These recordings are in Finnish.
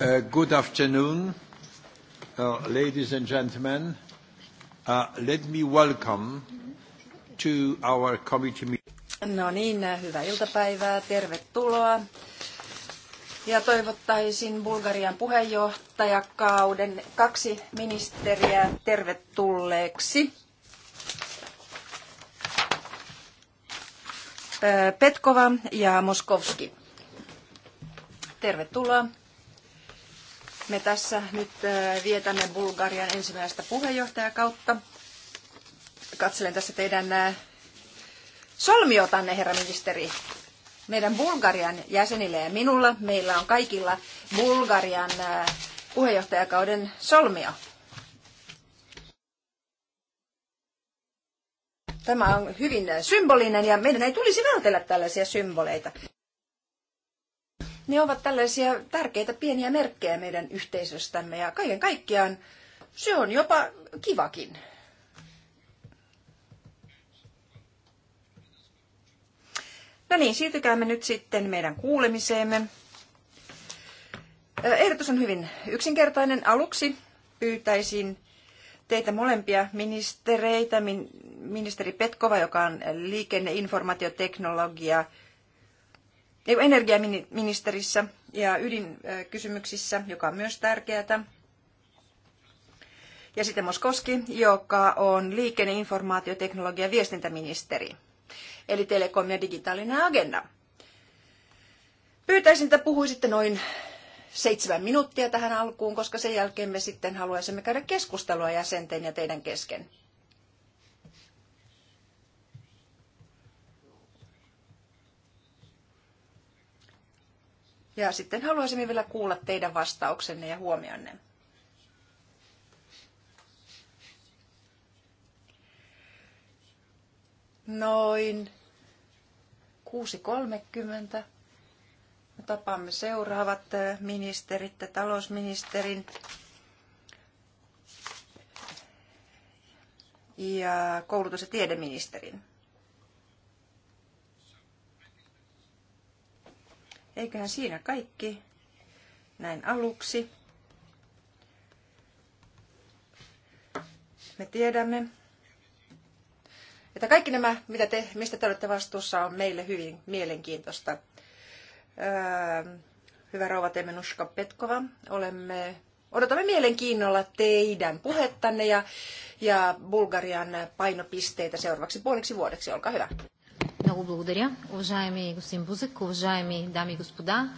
Uh, good afternoon, uh, ladies and gentlemen. Uh, let me welcome to our committee meeting. No niin, hyvää iltapäivää, tervetuloa. Ja toivottaisin Bulgarian puheenjohtajakauden kaksi ministeriä tervetulleeksi. Petkova ja Moskovski. Tervetuloa. Me tässä nyt vietämme Bulgarian ensimmäistä puheenjohtajakautta. Katselen tässä teidän solmiotanne, herra ministeri. Meidän Bulgarian jäsenille ja minulla, meillä on kaikilla Bulgarian puheenjohtajakauden solmio. Tämä on hyvin symbolinen ja meidän ei tulisi vältellä tällaisia symboleita. Ne ovat tällaisia tärkeitä pieniä merkkejä meidän yhteisöstämme ja kaiken kaikkiaan se on jopa kivakin. No niin, siirtykäämme nyt sitten meidän kuulemiseemme. Ehdotus on hyvin yksinkertainen. Aluksi pyytäisin teitä molempia ministereitä, ministeri Petkova, joka on liikenneinformaatioteknologia. informaatioteknologia, energiaministerissä ja ydinkysymyksissä, joka on myös tärkeää. Ja sitten Moskoski, joka on liikenne, informaatioteknologia ja viestintäministeri, eli telekom ja digitaalinen agenda. Pyytäisin, että puhuisitte noin seitsemän minuuttia tähän alkuun, koska sen jälkeen me sitten haluaisimme käydä keskustelua jäsenten ja teidän kesken. Ja sitten haluaisimme vielä kuulla teidän vastauksenne ja huomionne. Noin 6.30. Tapaamme seuraavat ministerit ja talousministerin. ja koulutus- ja tiedeministerin. Eiköhän siinä kaikki näin aluksi. Me tiedämme, että kaikki nämä, mitä te, mistä te olette vastuussa, on meille hyvin mielenkiintoista. Öö, hyvä rouva Temenuska Petkova, olemme, odotamme mielenkiinnolla teidän puhettanne ja, ja Bulgarian painopisteitä seuraavaksi puoliksi vuodeksi. Olkaa hyvä. Много благодаря. Уважаеми господин Бузек, уважаеми дами и господа,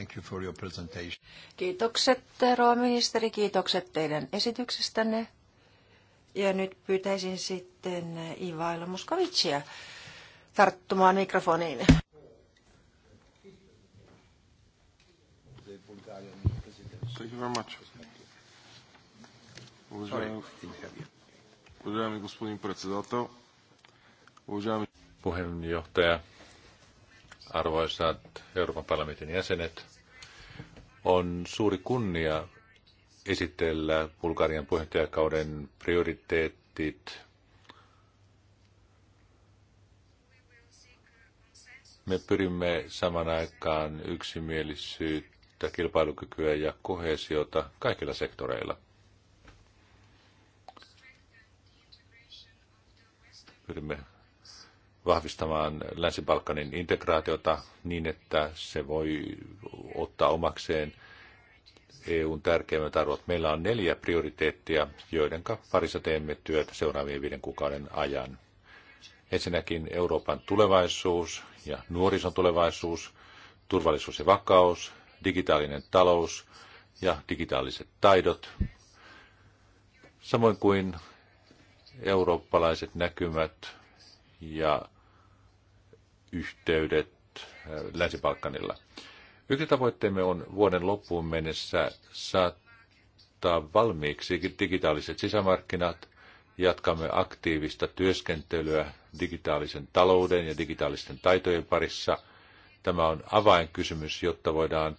Thank you for your presentation. Kiitokset, rouva ministeri, kiitokset teidän esityksestänne. Ja nyt pyytäisin sitten Ivailo Muskovicia tarttumaan mikrofoniin. Thank you very much. Уважаеми господин председател, уважаеми puheenjohtaja, arvoisat Euroopan parlamentin jäsenet. On suuri kunnia esitellä Bulgarian puheenjohtajakauden prioriteettit. Me pyrimme saman aikaan yksimielisyyttä, kilpailukykyä ja kohesiota kaikilla sektoreilla. Pyrimme vahvistamaan Länsi-Balkanin integraatiota niin, että se voi ottaa omakseen EUn tärkeimmät arvot. Meillä on neljä prioriteettia, joiden parissa teemme työtä seuraavien viiden kuukauden ajan. Ensinnäkin Euroopan tulevaisuus ja nuorison tulevaisuus, turvallisuus ja vakaus, digitaalinen talous ja digitaaliset taidot, samoin kuin eurooppalaiset näkymät ja yhteydet äh, Länsi-Balkanilla. Yksi tavoitteemme on vuoden loppuun mennessä saattaa valmiiksi digitaaliset sisämarkkinat. Jatkamme aktiivista työskentelyä digitaalisen talouden ja digitaalisten taitojen parissa. Tämä on avainkysymys, jotta voidaan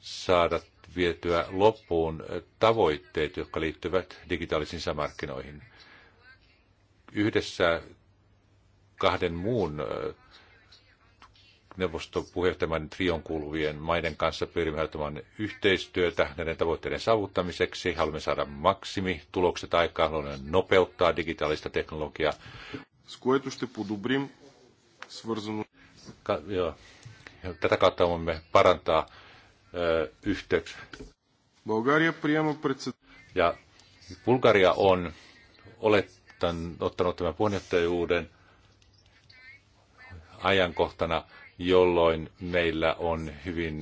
saada vietyä loppuun tavoitteet, jotka liittyvät digitaalisiin sisämarkkinoihin. Yhdessä kahden muun äh, neuvostopuheenjohtajan trion kuuluvien maiden kanssa pyrimme yhteistyötä näiden tavoitteiden saavuttamiseksi. Haluamme saada maksimi tulokset aikaan, haluamme nopeuttaa digitaalista teknologiaa. Tätä kautta voimme parantaa yhteyksiä. Ja Bulgaria on olettan, ottanut tämän puheenjohtajuuden ajankohtana, jolloin meillä on hyvin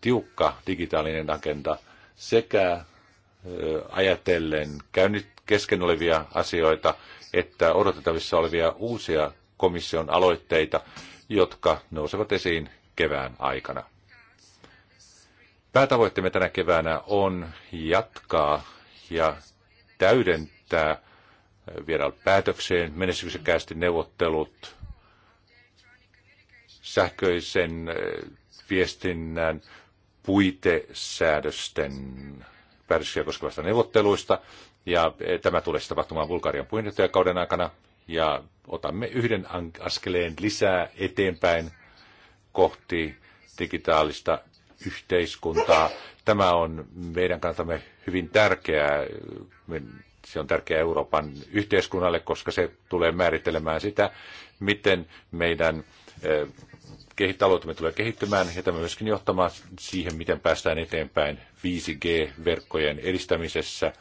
tiukka digitaalinen agenda sekä ajatellen käynyt kesken olevia asioita että odotettavissa olevia uusia komission aloitteita, jotka nousevat esiin kevään aikana. Päätavoitteemme tänä keväänä on jatkaa ja täydentää vielä päätökseen menestyksekkäästi neuvottelut sähköisen äh, viestinnän puitesäädösten päätöksiä koskevasta neuvotteluista. Ja äh, tämä tulee tapahtumaan Bulgarian puheenjohtajakauden aikana. Ja otamme yhden askeleen lisää eteenpäin kohti digitaalista yhteiskuntaa. Tämä on meidän kannaltamme hyvin tärkeää. Se on tärkeää Euroopan yhteiskunnalle, koska se tulee määrittelemään sitä, miten meidän äh, taloutemme tulee kehittymään ja tämä myöskin johtamaan siihen, miten päästään eteenpäin 5G-verkkojen edistämisessä.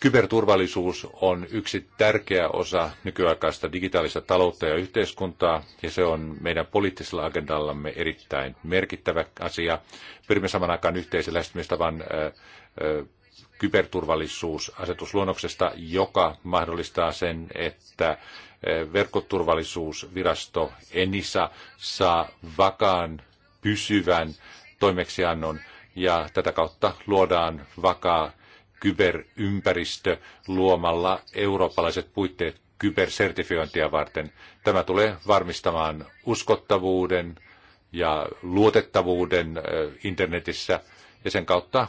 Kyberturvallisuus on yksi tärkeä osa nykyaikaista digitaalista taloutta ja yhteiskuntaa, ja se on meidän poliittisella agendallamme erittäin merkittävä asia. Pyrimme saman aikaan yhteisen lähestymistavan kyberturvallisuusasetusluonnoksesta, joka mahdollistaa sen, että verkkoturvallisuusvirasto ENISA saa vakaan pysyvän toimeksiannon ja tätä kautta luodaan vakaa kyberympäristö luomalla eurooppalaiset puitteet kybersertifiointia varten. Tämä tulee varmistamaan uskottavuuden ja luotettavuuden internetissä ja sen kautta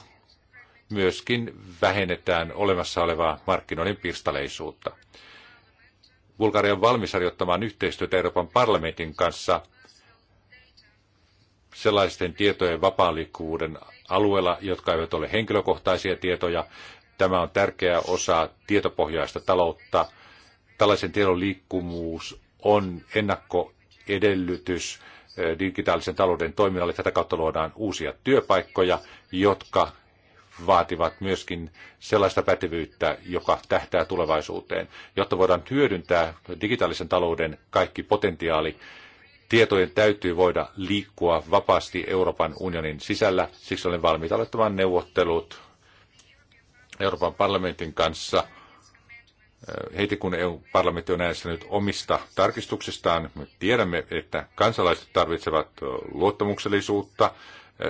myöskin vähennetään olemassa olevaa markkinoiden pirstaleisuutta. Bulgaria on valmis harjoittamaan yhteistyötä Euroopan parlamentin kanssa sellaisten tietojen vapaan liikkuvuuden alueella, jotka eivät ole henkilökohtaisia tietoja. Tämä on tärkeä osa tietopohjaista taloutta. Tällaisen tiedon liikkumuus on ennakkoedellytys eh, digitaalisen talouden toiminnalle. Tätä kautta luodaan uusia työpaikkoja, jotka vaativat myöskin sellaista pätevyyttä, joka tähtää tulevaisuuteen, jotta voidaan hyödyntää digitaalisen talouden kaikki potentiaali. Tietojen täytyy voida liikkua vapaasti Euroopan unionin sisällä, siksi olen valmiita aloittamaan neuvottelut Euroopan parlamentin kanssa heti kun EU-parlamentti on äänestänyt omista tarkistuksistaan, me tiedämme, että kansalaiset tarvitsevat luottamuksellisuutta,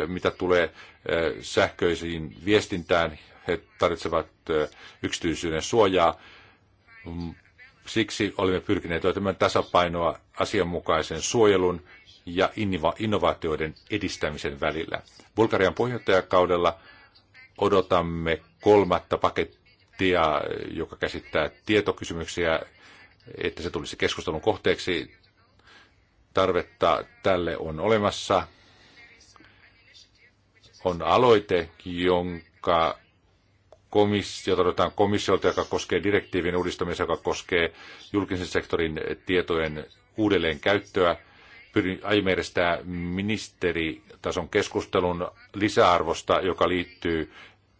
mitä tulee sähköisiin viestintään. He tarvitsevat yksityisyyden suojaa. Mm, siksi olemme pyrkineet löytämään tasapainoa asianmukaisen suojelun ja innovaatioiden edistämisen välillä. Bulgarian puheenjohtajakaudella odotamme kolmatta pakettia, joka käsittää tietokysymyksiä, että se tulisi keskustelun kohteeksi. Tarvetta tälle on olemassa on aloite, jonka komissio, todetaan komissiolta, joka koskee direktiivin uudistamista, joka koskee julkisen sektorin tietojen uudelleen käyttöä. Aiemmin ministeritason keskustelun lisäarvosta, joka liittyy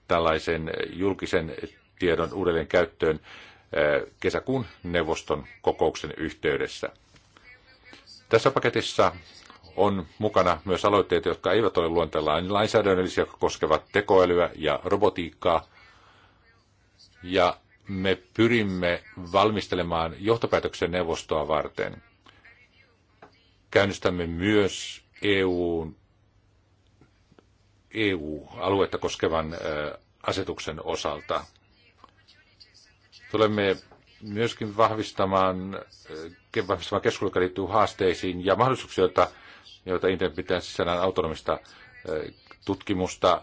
tällaisen julkisen tiedon uudelleen käyttöön eh, kesäkuun neuvoston kokouksen yhteydessä. Tässä paketissa on mukana myös aloitteita, jotka eivät ole luonteellaan lainsäädännöllisiä, jotka koskevat tekoälyä ja robotiikkaa. Ja me pyrimme valmistelemaan johtopäätöksen neuvostoa varten. Käynnistämme myös EUn, EU-aluetta koskevan asetuksen osalta. Tulemme myöskin vahvistamaan, vahvistamaan keskustelua, joka liittyy haasteisiin ja mahdollisuuksia, joita joita internet pitää sisällään autonomista tutkimusta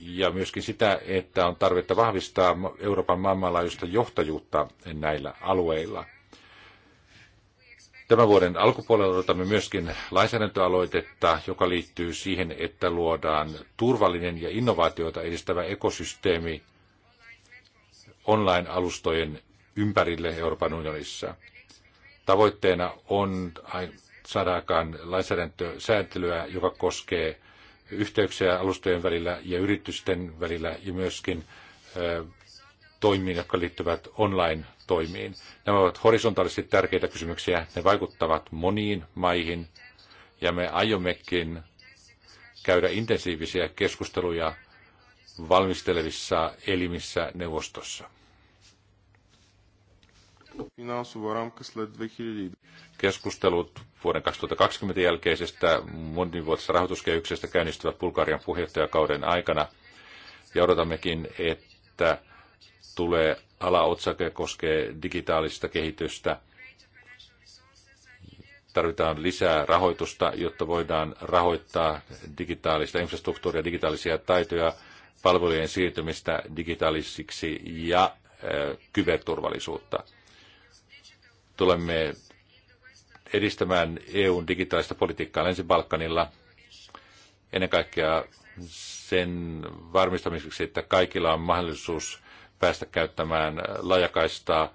ja myöskin sitä, että on tarvetta vahvistaa Euroopan maailmanlaajuista johtajuutta näillä alueilla. Tämän vuoden alkupuolella odotamme myöskin lainsäädäntöaloitetta, joka liittyy siihen, että luodaan turvallinen ja innovaatioita edistävä ekosysteemi online-alustojen ympärille Euroopan unionissa. Tavoitteena on aikaan lainsäädäntösääntelyä, joka koskee yhteyksiä alustojen välillä ja yritysten välillä ja myöskin toimiin, jotka liittyvät online-toimiin. Nämä ovat horisontaalisesti tärkeitä kysymyksiä. Ne vaikuttavat moniin maihin ja me aiommekin käydä intensiivisiä keskusteluja valmistelevissa elimissä neuvostossa. Keskustelut vuoden 2020 jälkeisestä monivuotisesta rahoituskehyksestä käynnistyvät Bulgarian puheenjohtajakauden aikana. Ja odotammekin, että tulee alaotsake koskee digitaalista kehitystä. Tarvitaan lisää rahoitusta, jotta voidaan rahoittaa digitaalista infrastruktuuria, digitaalisia taitoja, palvelujen siirtymistä digitaalisiksi ja kyberturvallisuutta tulemme edistämään EUn digitaalista politiikkaa Länsi-Balkanilla ennen kaikkea sen varmistamiseksi, että kaikilla on mahdollisuus päästä käyttämään laajakaistaa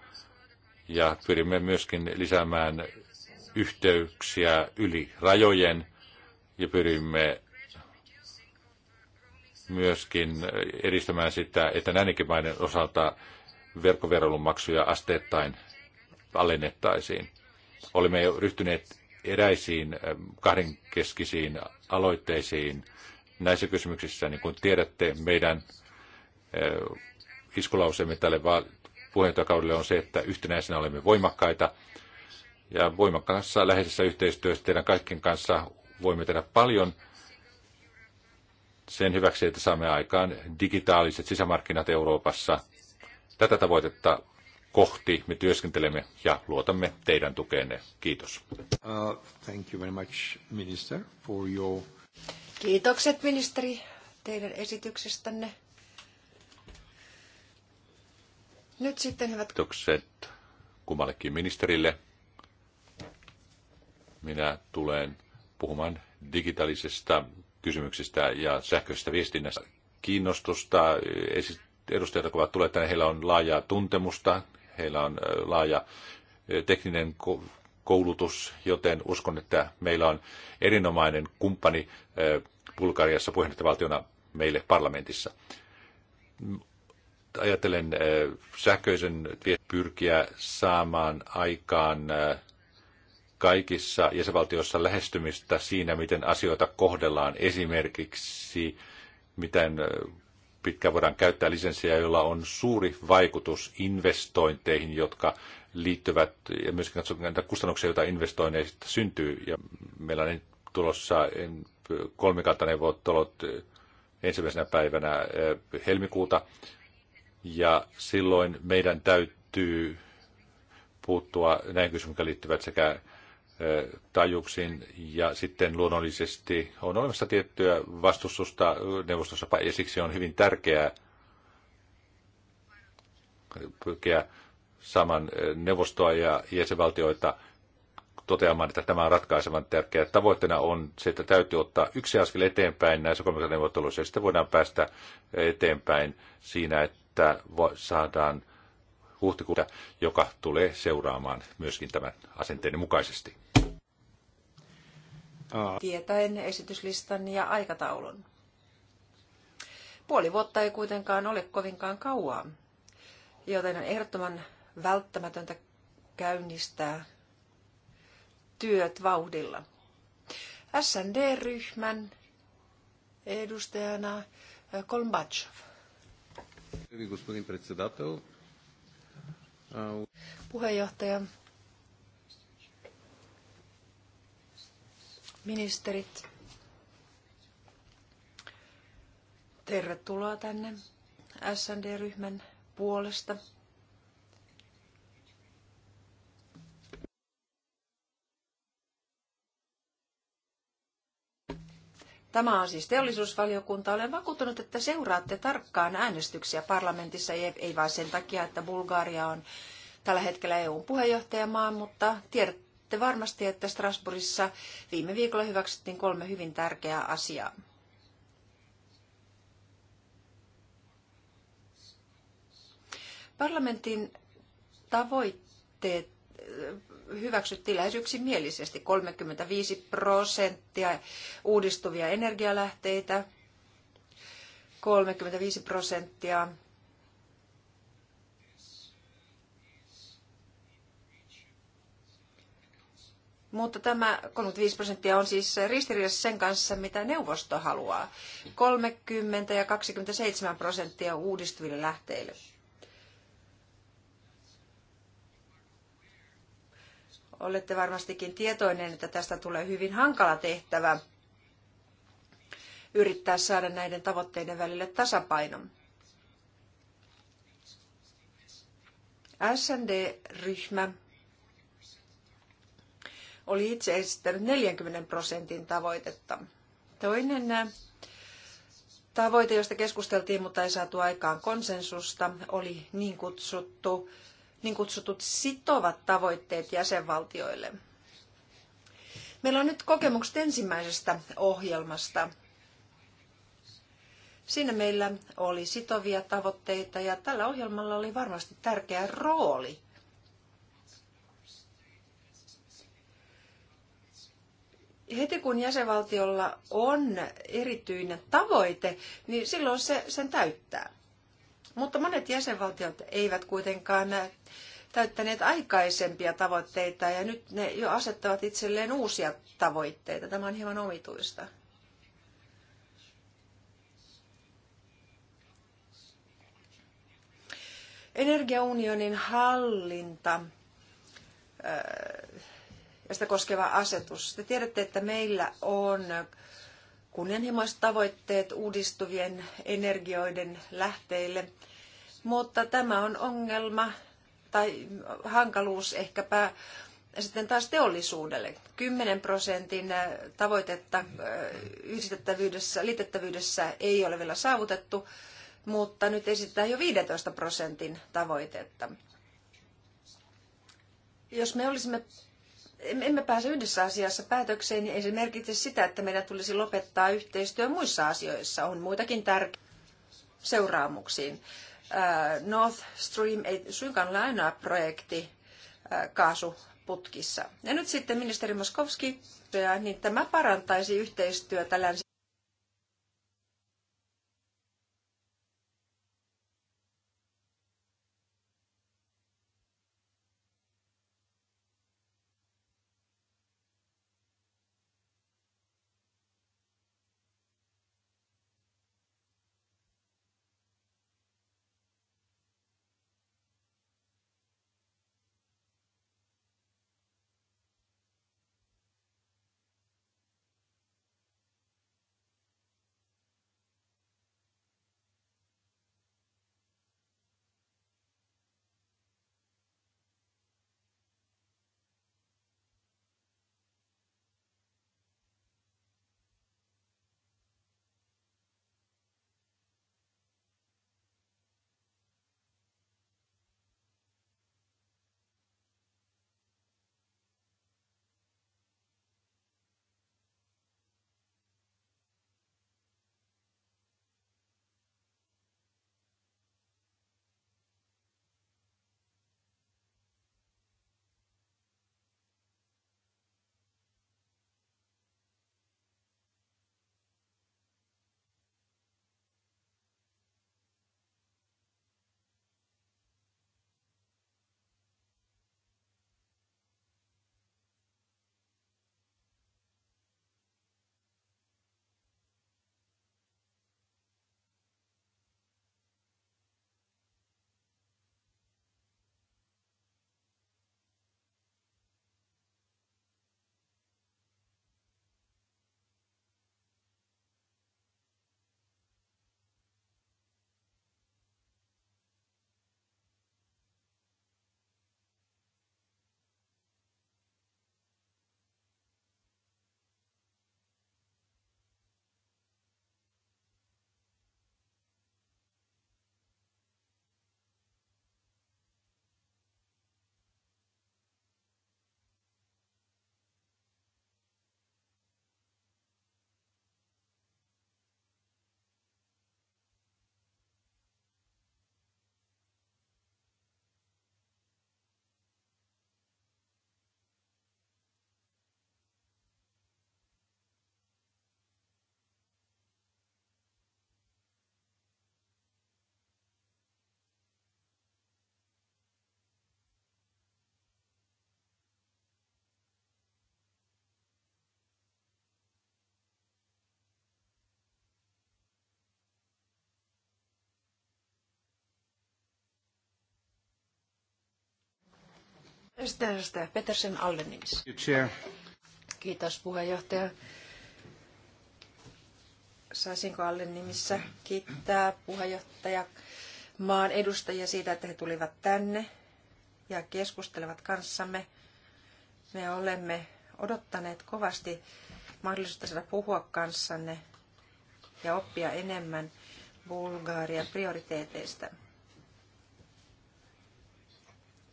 ja pyrimme myöskin lisäämään yhteyksiä yli rajojen ja pyrimme myöskin edistämään sitä, että näinkin maiden osalta verkkoverolumaksuja maksuja asteittain alennettaisiin. olimme jo ryhtyneet eräisiin kahdenkeskisiin aloitteisiin näissä kysymyksissä. Niin kuin tiedätte, meidän iskulauseemme tälle puheenjohtajakaudelle on se, että yhtenäisenä olemme voimakkaita ja voimakkaassa läheisessä yhteistyössä teidän kaikkien kanssa voimme tehdä paljon sen hyväksi, että saamme aikaan digitaaliset sisämarkkinat Euroopassa. Tätä tavoitetta kohti me työskentelemme ja luotamme teidän tukeenne. Kiitos. Uh, thank you very much, minister, for your... Kiitokset, ministeri, teidän esityksestänne. Nyt sitten hyvät... Kiitokset kummallekin ministerille. Minä tulen puhumaan digitaalisesta kysymyksistä ja sähköisestä viestinnästä. Kiinnostusta edustajat, kun ovat tulleet tänne, heillä on laajaa tuntemusta heillä on laaja tekninen koulutus, joten uskon, että meillä on erinomainen kumppani Bulgariassa puheenjohtajavaltiona meille parlamentissa. Ajattelen sähköisen pyrkiä saamaan aikaan kaikissa jäsenvaltioissa lähestymistä siinä, miten asioita kohdellaan esimerkiksi, miten pitkään voidaan käyttää lisenssiä, jolla on suuri vaikutus investointeihin, jotka liittyvät, ja myöskin katsotaan näitä kustannuksia, joita investoinneista syntyy, ja meillä on tulossa kolmikantaneuvottelut eh, ensimmäisenä päivänä eh, helmikuuta, ja silloin meidän täytyy puuttua näihin kysymyksiin, jotka liittyvät sekä tajuksiin ja sitten luonnollisesti on olemassa tiettyä vastustusta neuvostossa ja siksi on hyvin tärkeää pyrkiä saman neuvostoa ja jäsenvaltioita toteamaan, että tämä on ratkaisevan tärkeää. Tavoitteena on se, että täytyy ottaa yksi askel eteenpäin näissä kolmessa neuvotteluissa ja sitten voidaan päästä eteenpäin siinä, että saadaan huhtikuuta, joka tulee seuraamaan myöskin tämän asenteen mukaisesti tietäen esityslistan ja aikataulun. Puoli vuotta ei kuitenkaan ole kovinkaan kauaa, joten on ehdottoman välttämätöntä käynnistää työt vauhdilla. SND-ryhmän edustajana Kolmbachev. Puheenjohtaja, ministerit. Tervetuloa tänne SND-ryhmän puolesta. Tämä on siis teollisuusvaliokunta. Olen vakuuttunut, että seuraatte tarkkaan äänestyksiä parlamentissa, ei vain sen takia, että Bulgaria on tällä hetkellä EUn puheenjohtajamaa, mutta tiedätte, Tiedätte varmasti, että Strasbourgissa viime viikolla hyväksyttiin kolme hyvin tärkeää asiaa. Parlamentin tavoitteet eh, hyväksyttiin lähes yksimielisesti 35 prosenttia uudistuvia energialähteitä, 35 prosenttia Mutta tämä 35 prosenttia on siis ristiriidassa sen kanssa, mitä neuvosto haluaa. 30 ja 27 prosenttia uudistuville lähteille. Olette varmastikin tietoinen, että tästä tulee hyvin hankala tehtävä yrittää saada näiden tavoitteiden välille tasapainon. SND-ryhmä oli itse esittänyt 40 prosentin tavoitetta. Toinen äh, tavoite, josta keskusteltiin, mutta ei saatu aikaan konsensusta, oli niin, kutsuttu, niin kutsutut sitovat tavoitteet jäsenvaltioille. Meillä on nyt kokemukset ensimmäisestä ohjelmasta. Siinä meillä oli sitovia tavoitteita ja tällä ohjelmalla oli varmasti tärkeä rooli heti kun jäsenvaltiolla on erityinen tavoite, niin silloin se sen täyttää. Mutta monet jäsenvaltiot eivät kuitenkaan täyttäneet aikaisempia tavoitteita ja nyt ne jo asettavat itselleen uusia tavoitteita. Tämä on hieman omituista. Energiaunionin hallinta ja sitä koskeva asetus. Te tiedätte, että meillä on kunnianhimoiset tavoitteet uudistuvien energioiden lähteille, mutta tämä on ongelma tai hankaluus ehkäpä sitten taas teollisuudelle. 10 prosentin tavoitetta yhdistettävyydessä, liitettävyydessä ei ole vielä saavutettu, mutta nyt esitetään jo 15 prosentin tavoitetta. Jos me olisimme emme pääse yhdessä asiassa päätökseen, niin ei se merkitse sitä, että meidän tulisi lopettaa yhteistyö muissa asioissa. On muitakin tärkeitä seuraamuksiin. Äh, North Stream ei suinkaan ole ainoa projekti äh, kaasuputkissa. Ja nyt sitten ministeri Moskovski, niin tämä parantaisi yhteistyötä länsi Sitten edustaja Petersen Kiitos puheenjohtaja. Saisinko Allen nimissä kiittää puheenjohtaja maan edustajia siitä, että he tulivat tänne ja keskustelevat kanssamme. Me olemme odottaneet kovasti mahdollisuutta saada puhua kanssanne ja oppia enemmän Bulgarian prioriteeteista.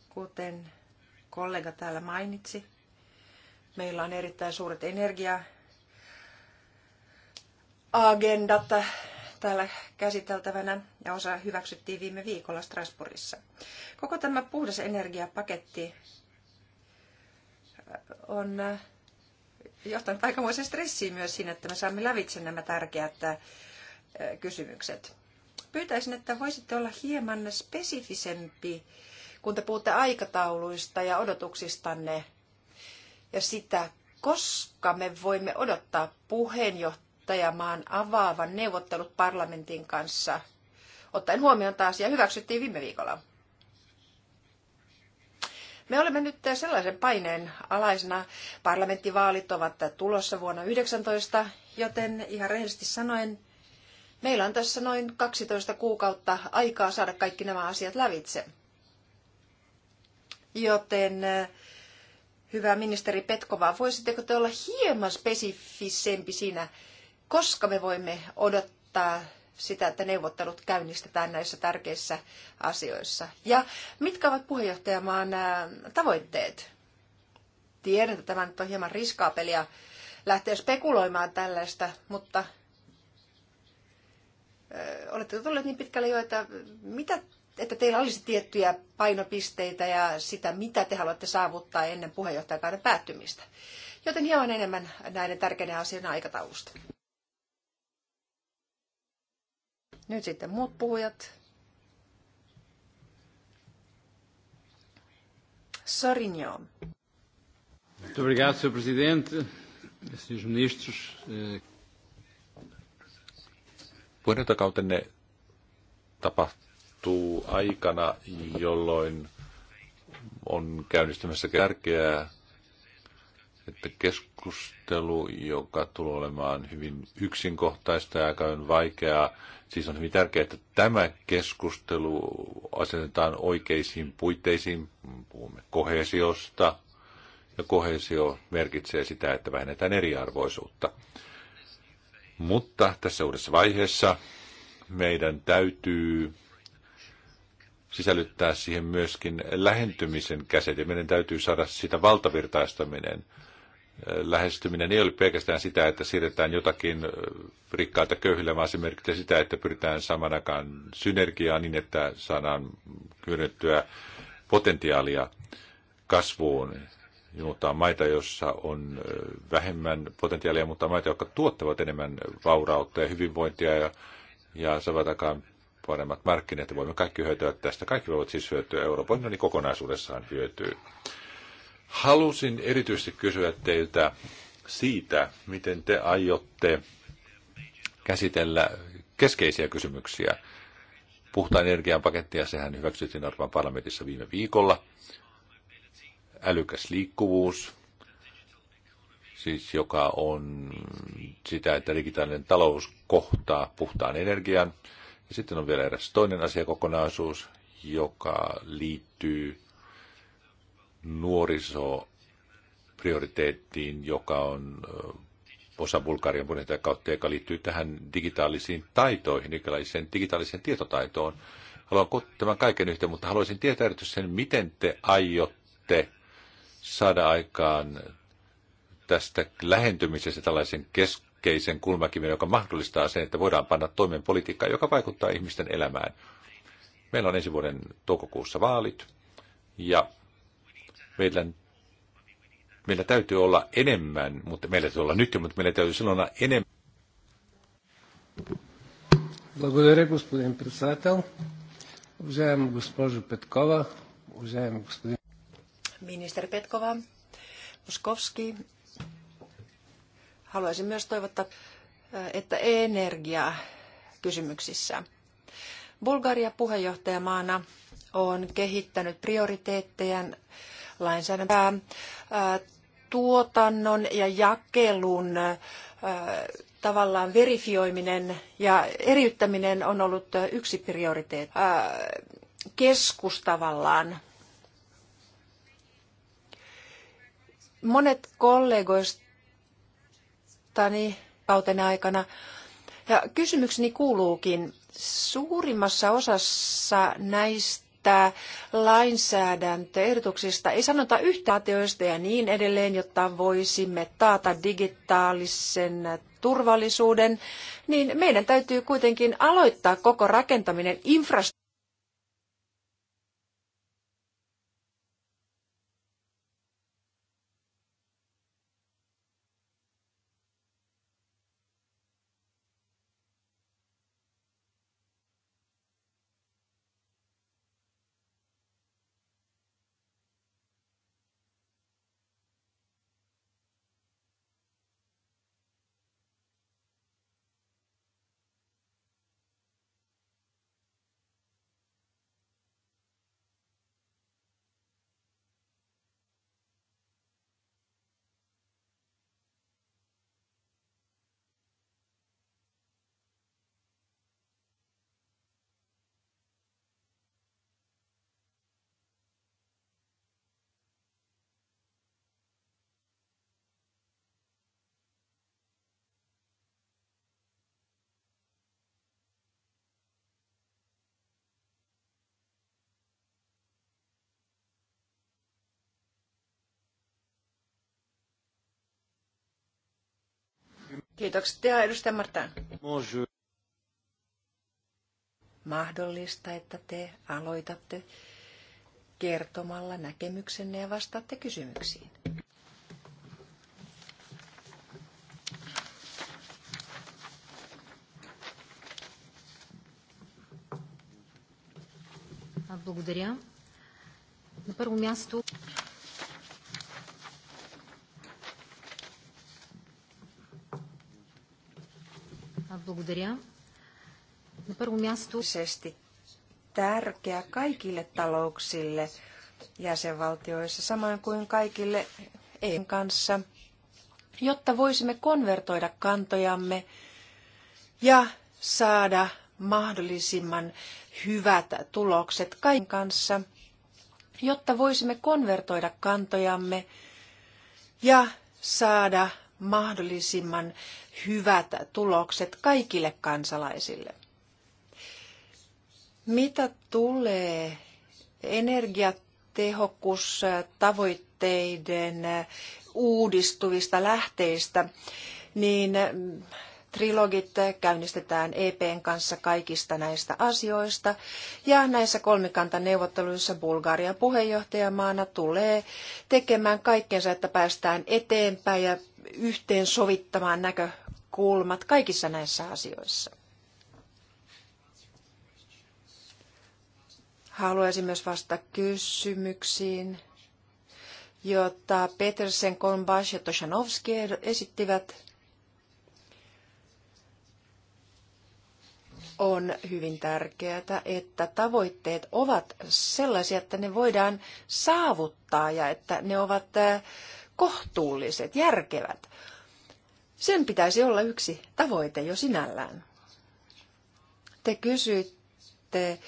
Kuten kollega täällä mainitsi. Meillä on erittäin suuret energia-agendat täällä käsiteltävänä ja osa hyväksyttiin viime viikolla Strasbourgissa. Koko tämä puhdas energiapaketti äh, on äh, johtanut aikamoisen stressiin myös siinä, että me saamme lävitse nämä tärkeät äh, kysymykset. Pyytäisin, että voisitte olla hieman spesifisempi kun te puhutte aikatauluista ja odotuksistanne ja sitä, koska me voimme odottaa puheenjohtajamaan avaavan neuvottelut parlamentin kanssa, ottaen huomioon taas ja hyväksyttiin viime viikolla. Me olemme nyt sellaisen paineen alaisena. Parlamenttivaalit ovat tulossa vuonna 19, joten ihan rehellisesti sanoen, meillä on tässä noin 12 kuukautta aikaa saada kaikki nämä asiat lävitse. Joten hyvä ministeri Petkova, voisitteko te olla hieman spesifisempi siinä, koska me voimme odottaa sitä, että neuvottelut käynnistetään näissä tärkeissä asioissa. Ja mitkä ovat puheenjohtajamaan tavoitteet? Tiedän, että tämä nyt on hieman riskaapelia lähteä spekuloimaan tällaista, mutta olette tulleet niin pitkälle jo, että mitä että teillä olisi tiettyjä painopisteitä ja sitä, mitä te haluatte saavuttaa ennen puheenjohtajakauden päättymistä. Joten hieman enemmän näiden tärkeiden asioiden aikataulusta. Nyt sitten muut puhujat. Sorinho. obrigado, Sr. Presidente, Srs. Ministros. Eh, Puheenjohtajakautenne tapahtuu tapahtuu aikana, jolloin on käynnistymässä tärkeää, että keskustelu, joka tulee olemaan hyvin yksinkohtaista ja aika vaikeaa, siis on hyvin tärkeää, että tämä keskustelu asetetaan oikeisiin puitteisiin. Puhumme kohesiosta, ja kohesio merkitsee sitä, että vähennetään eriarvoisuutta. Mutta tässä uudessa vaiheessa meidän täytyy sisällyttää siihen myöskin lähentymisen käsite. Meidän täytyy saada sitä valtavirtaistaminen. Lähestyminen ei ole pelkästään sitä, että siirretään jotakin rikkaita köyhille, vaan se merkitsee sitä, että pyritään samanakaan synergiaa niin, että saadaan hyödynnettyä potentiaalia kasvuun. Mutta on maita, joissa on vähemmän potentiaalia, mutta on maita, jotka tuottavat enemmän vaurautta ja hyvinvointia ja, ja saavat aikaan paremmat markkinat ja voimme kaikki hyötyä tästä. Kaikki voivat siis hyötyä. Euroopan unioni kokonaisuudessaan hyötyy. Halusin erityisesti kysyä teiltä siitä, miten te aiotte käsitellä keskeisiä kysymyksiä. Puhtaan energian pakettia, sehän hyväksyttiin Euroopan parlamentissa viime viikolla. Älykäs liikkuvuus, siis joka on sitä, että digitaalinen talous kohtaa puhtaan energian. Sitten on vielä eräs toinen asiakokonaisuus, joka liittyy nuorisoprioriteettiin, joka on osa Bulgarian kautta, joka liittyy tähän digitaalisiin taitoihin, digitaaliseen, digitaaliseen tietotaitoon. Haluan tämän kaiken yhteen, mutta haluaisin tietää erityisesti sen, miten te aiotte saada aikaan tästä lähentymisestä tällaisen kes- keskeisen kulmakiven, joka mahdollistaa sen, että voidaan panna toimeen politiikkaa, joka vaikuttaa ihmisten elämään. Meillä on ensi vuoden toukokuussa vaalit ja meillä, meillä täytyy olla enemmän, mutta meillä täytyy olla nyt, mutta meillä täytyy silloin olla enemmän. Благодаря, господин председател. Уважаема госпожо Петкова, уважаеми господин... Министър Петкова, Московски, haluaisin myös toivottaa, että energia kysymyksissä. Bulgaria puheenjohtajamaana on kehittänyt prioriteetteja lainsäädäntöä tuotannon ja jakelun tavallaan verifioiminen ja eriyttäminen on ollut yksi prioriteetti. Keskus tavallaan. Monet kollegoista kauteni, niin kauteni aikana. Ja kysymykseni kuuluukin, suurimmassa osassa näistä lainsäädäntöehdotuksista ei sanota yhtä asioista ja niin edelleen, jotta voisimme taata digitaalisen turvallisuuden, niin meidän täytyy kuitenkin aloittaa koko rakentaminen infrastruktuurista Kiitokset ja edustaja Martin. Bonjour. Mahdollista, että te aloitatte kertomalla näkemyksenne ja vastaatte kysymyksiin. Благодаря. На първо място Благодаря. На първо място... Tärkeä kaikille talouksille jäsenvaltioissa, samoin kuin kaikille EUn kanssa, jotta voisimme konvertoida kantojamme ja saada mahdollisimman hyvät tulokset kaiken kanssa, jotta voisimme konvertoida kantojamme ja saada mahdollisimman hyvät tulokset kaikille kansalaisille. Mitä tulee energiatehokkuustavoitteiden uudistuvista lähteistä, niin trilogit käynnistetään EPn kanssa kaikista näistä asioista. Ja näissä kolmikantaneuvotteluissa Bulgarian puheenjohtajamaana tulee tekemään kaikkensa, että päästään eteenpäin ja yhteensovittamaan näkökulmat kaikissa näissä asioissa. Haluaisin myös vastata kysymyksiin, joita Petersen, Kolmbash ja Toshanovski esittivät. On hyvin tärkeää, että tavoitteet ovat sellaisia, että ne voidaan saavuttaa ja että ne ovat äh, kohtuulliset, järkevät. Sen pitäisi olla yksi tavoite jo sinällään. Te kysyitte eh,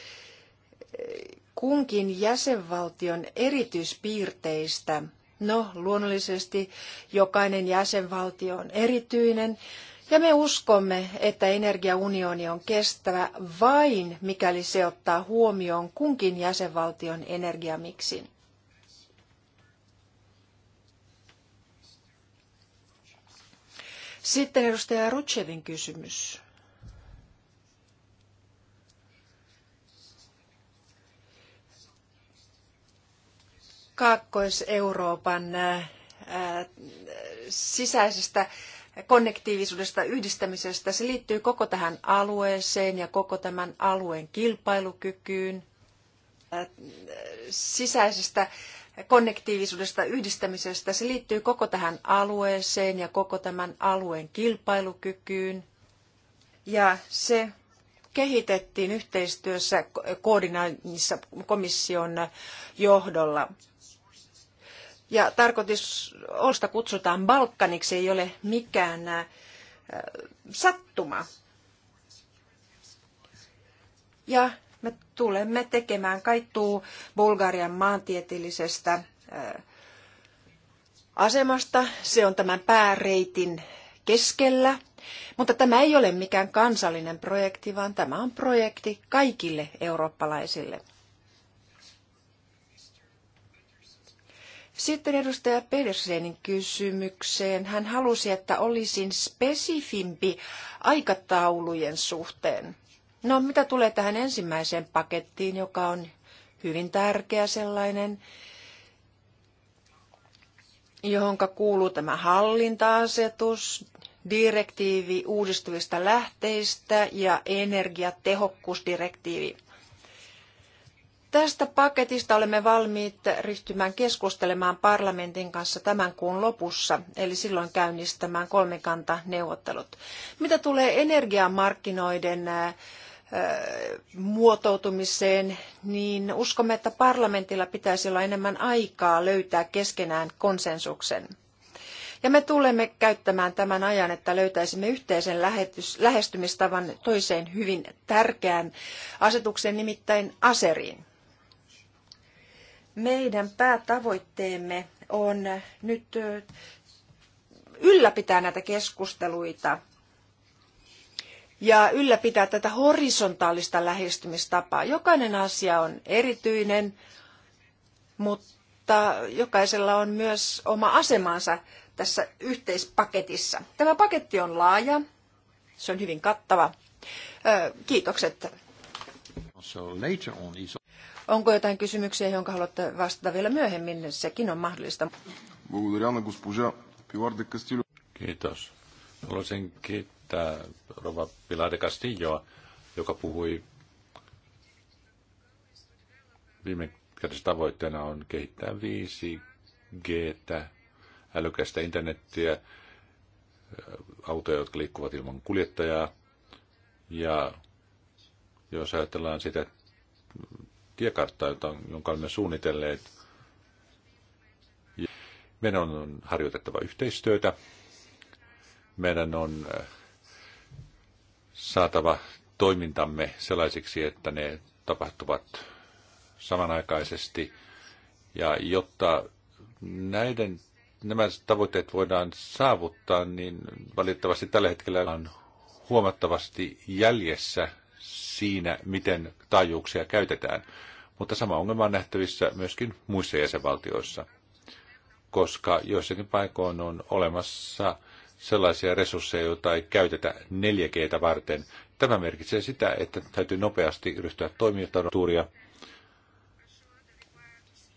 kunkin jäsenvaltion erityispiirteistä. No, luonnollisesti jokainen jäsenvaltio on erityinen, ja me uskomme, että energiaunioni on kestävä vain, mikäli se ottaa huomioon kunkin jäsenvaltion energiamiksin. Sitten edustaja Rutschevin kysymys. Kaakkois-Euroopan äh, äh, sisäisestä konnektiivisuudesta, yhdistämisestä. Se liittyy koko tähän alueeseen ja koko tämän alueen kilpailukykyyn äh, sisäisestä konnektiivisuudesta, yhdistämisestä. Se liittyy koko tähän alueeseen ja koko tämän alueen kilpailukykyyn. Ja se kehitettiin yhteistyössä koordinoinnissa komission johdolla. Ja tarkoitus, Olsta kutsutaan Balkaniksi, ei ole mikään äh, sattuma. Ja tulemme tekemään kaiktuu Bulgarian maantieteellisestä asemasta. Se on tämän pääreitin keskellä. Mutta tämä ei ole mikään kansallinen projekti, vaan tämä on projekti kaikille eurooppalaisille. Sitten edustaja Pedersenin kysymykseen. Hän halusi, että olisin spesifimpi aikataulujen suhteen. No mitä tulee tähän ensimmäiseen pakettiin, joka on hyvin tärkeä sellainen, johon kuuluu tämä hallinta-asetus, direktiivi uudistuvista lähteistä ja energiatehokkuusdirektiivi. Tästä paketista olemme valmiit ryhtymään keskustelemaan parlamentin kanssa tämän kuun lopussa, eli silloin käynnistämään kolmikanta neuvottelut. Mitä tulee energiamarkkinoiden muotoutumiseen, niin uskomme, että parlamentilla pitäisi olla enemmän aikaa löytää keskenään konsensuksen. Ja me tulemme käyttämään tämän ajan, että löytäisimme yhteisen lähetys, lähestymistavan toiseen hyvin tärkeään asetukseen, nimittäin aseriin. Meidän päätavoitteemme on nyt ylläpitää näitä keskusteluita ja ylläpitää tätä horisontaalista lähestymistapaa. Jokainen asia on erityinen, mutta jokaisella on myös oma asemansa tässä yhteispaketissa. Tämä paketti on laaja, se on hyvin kattava. Kiitokset. Onko jotain kysymyksiä, jonka haluatte vastata vielä myöhemmin? Sekin on mahdollista. Kiitos. Haluaisin kiittää tämä Rova Pilar de Castillo, joka puhui viime kädessä tavoitteena on kehittää 5G, älykästä internettiä, autoja, jotka liikkuvat ilman kuljettajaa. Ja jos ajatellaan sitä tiekarttaa, jonka olemme suunnitelleet, meidän on harjoitettava yhteistyötä. Meidän on saatava toimintamme sellaisiksi, että ne tapahtuvat samanaikaisesti. Ja jotta näiden, nämä tavoitteet voidaan saavuttaa, niin valitettavasti tällä hetkellä on huomattavasti jäljessä siinä, miten taajuuksia käytetään. Mutta sama ongelma on nähtävissä myöskin muissa jäsenvaltioissa, koska joissakin paikoin on olemassa sellaisia resursseja, joita ei käytetä 4G varten. Tämä merkitsee sitä, että täytyy nopeasti ryhtyä toimintatuuria,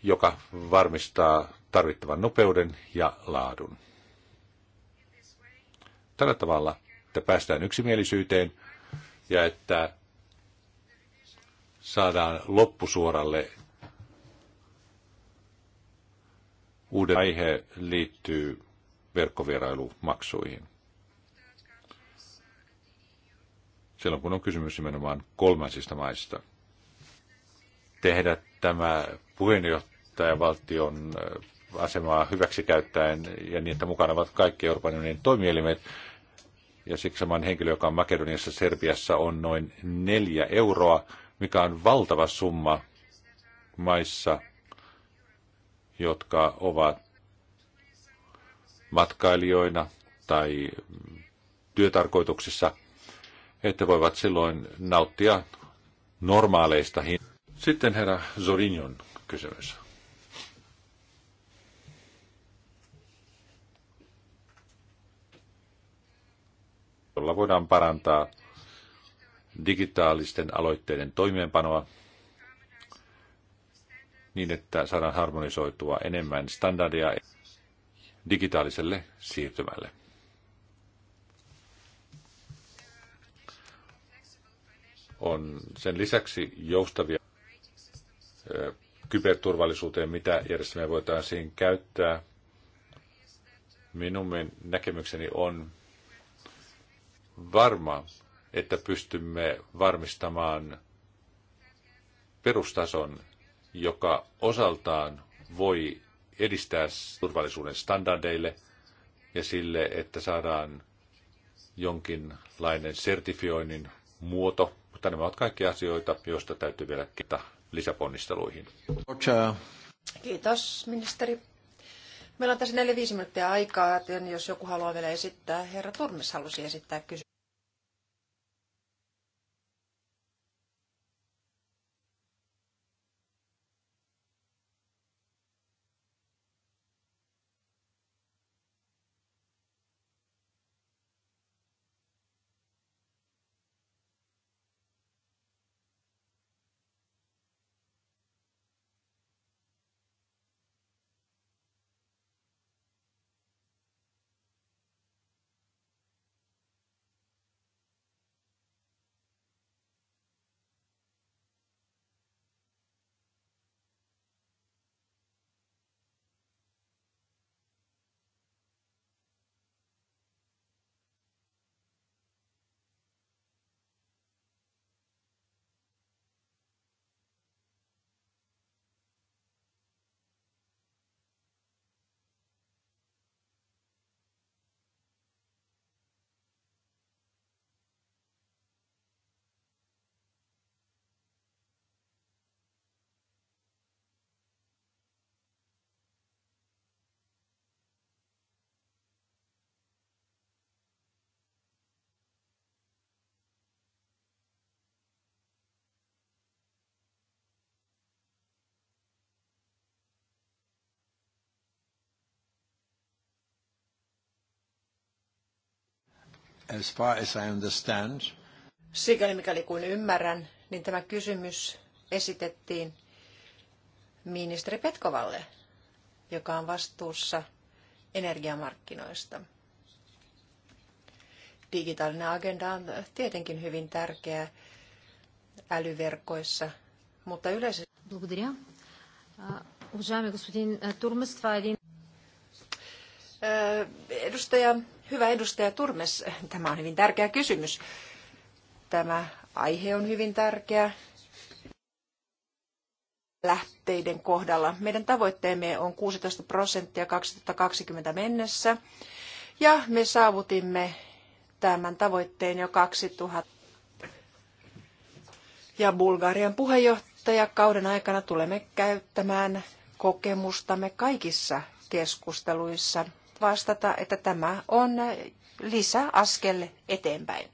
joka varmistaa tarvittavan nopeuden ja laadun. Tällä tavalla, että päästään yksimielisyyteen ja että saadaan loppusuoralle uuden aihe liittyy verkkovierailumaksuihin. Silloin kun on kysymys nimenomaan kolmansista maista. Tehdä tämä puheenjohtajavaltion äh, asemaa hyväksi käyttäen ja niin, että mukana ovat kaikki Euroopan unionin toimielimet. Ja siksi saman henkilö, joka on Makedoniassa Serbiassa, on noin neljä euroa, mikä on valtava summa maissa, jotka ovat matkailijoina tai työtarkoituksissa, että voivat silloin nauttia normaaleista hinnoista. Sitten herra Zorinjon kysymys. jolla voidaan parantaa digitaalisten aloitteiden toimeenpanoa niin, että saadaan harmonisoitua enemmän standardia digitaaliselle siirtymälle. On sen lisäksi joustavia kyberturvallisuuteen, mitä järjestelmiä voitaisiin käyttää. Minun näkemykseni on varma, että pystymme varmistamaan perustason, joka osaltaan voi edistää turvallisuuden standardeille ja sille, että saadaan jonkinlainen sertifioinnin muoto, mutta nämä ovat kaikki asioita, joista täytyy vielä kiittää lisäponnisteluihin. Kiitos, ministeri. Meillä on tässä 4-5 minuuttia aikaa, joten jos joku haluaa vielä esittää, herra Turmes halusi esittää kysymyksen. as far as I understand, Sikäli mikäli kuin ymmärrän, niin tämä kysymys esitettiin ministeri Petkovalle, joka on vastuussa energiamarkkinoista. Digitaalinen agenda on tietenkin hyvin tärkeä älyverkoissa, mutta yleisesti... Благодаря. Edustaja Hyvä edustaja Turmes, tämä on hyvin tärkeä kysymys. Tämä aihe on hyvin tärkeä lähteiden kohdalla. Meidän tavoitteemme on 16 prosenttia 2020 mennessä ja me saavutimme tämän tavoitteen jo 2000. Ja Bulgarian puheenjohtajakauden aikana tulemme käyttämään kokemustamme kaikissa keskusteluissa vastata, että tämä on lisäaskel eteenpäin.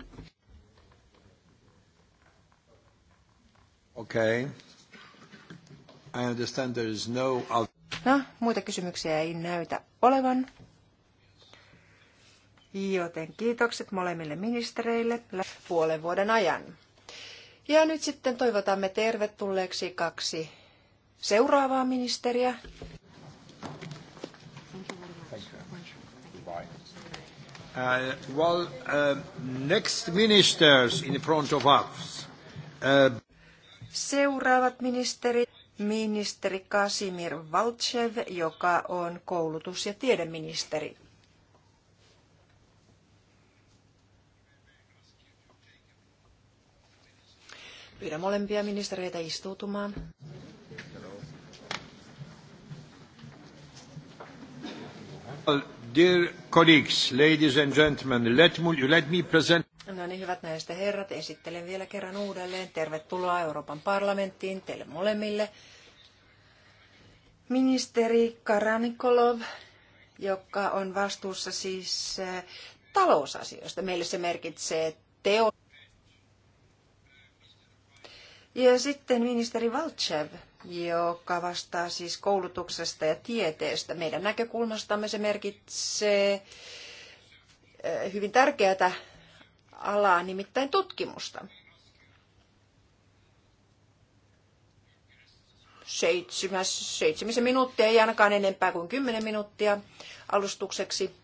Okay. I understand there is no other... No, muita kysymyksiä ei näytä olevan. Joten kiitokset molemmille ministereille puolen vuoden ajan. Ja nyt sitten toivotamme tervetulleeksi kaksi seuraavaa ministeriä. Uh, well, uh, next ministers in front of us. Uh... Seuraavat ministerit. Ministeri Kasimir Valtsev, joka on koulutus- ja tiedeministeri. Pyydän molempia ministereitä istuutumaan. Hello. Dear colleagues, ladies and gentlemen, let me, let me present... No niin, hyvät naiset ja herrat, esittelen vielä kerran uudelleen. Tervetuloa Euroopan parlamenttiin teille molemmille. Ministeri Karanikolov, joka on vastuussa siis eh, talousasioista. Meille se merkitsee teo. Ja sitten ministeri Valtsev, joka vastaa siis koulutuksesta ja tieteestä. Meidän näkökulmastamme se merkitsee hyvin tärkeää alaa, nimittäin tutkimusta. Seitsemäs, seitsemisen minuuttia, ei ainakaan enempää kuin kymmenen minuuttia alustukseksi.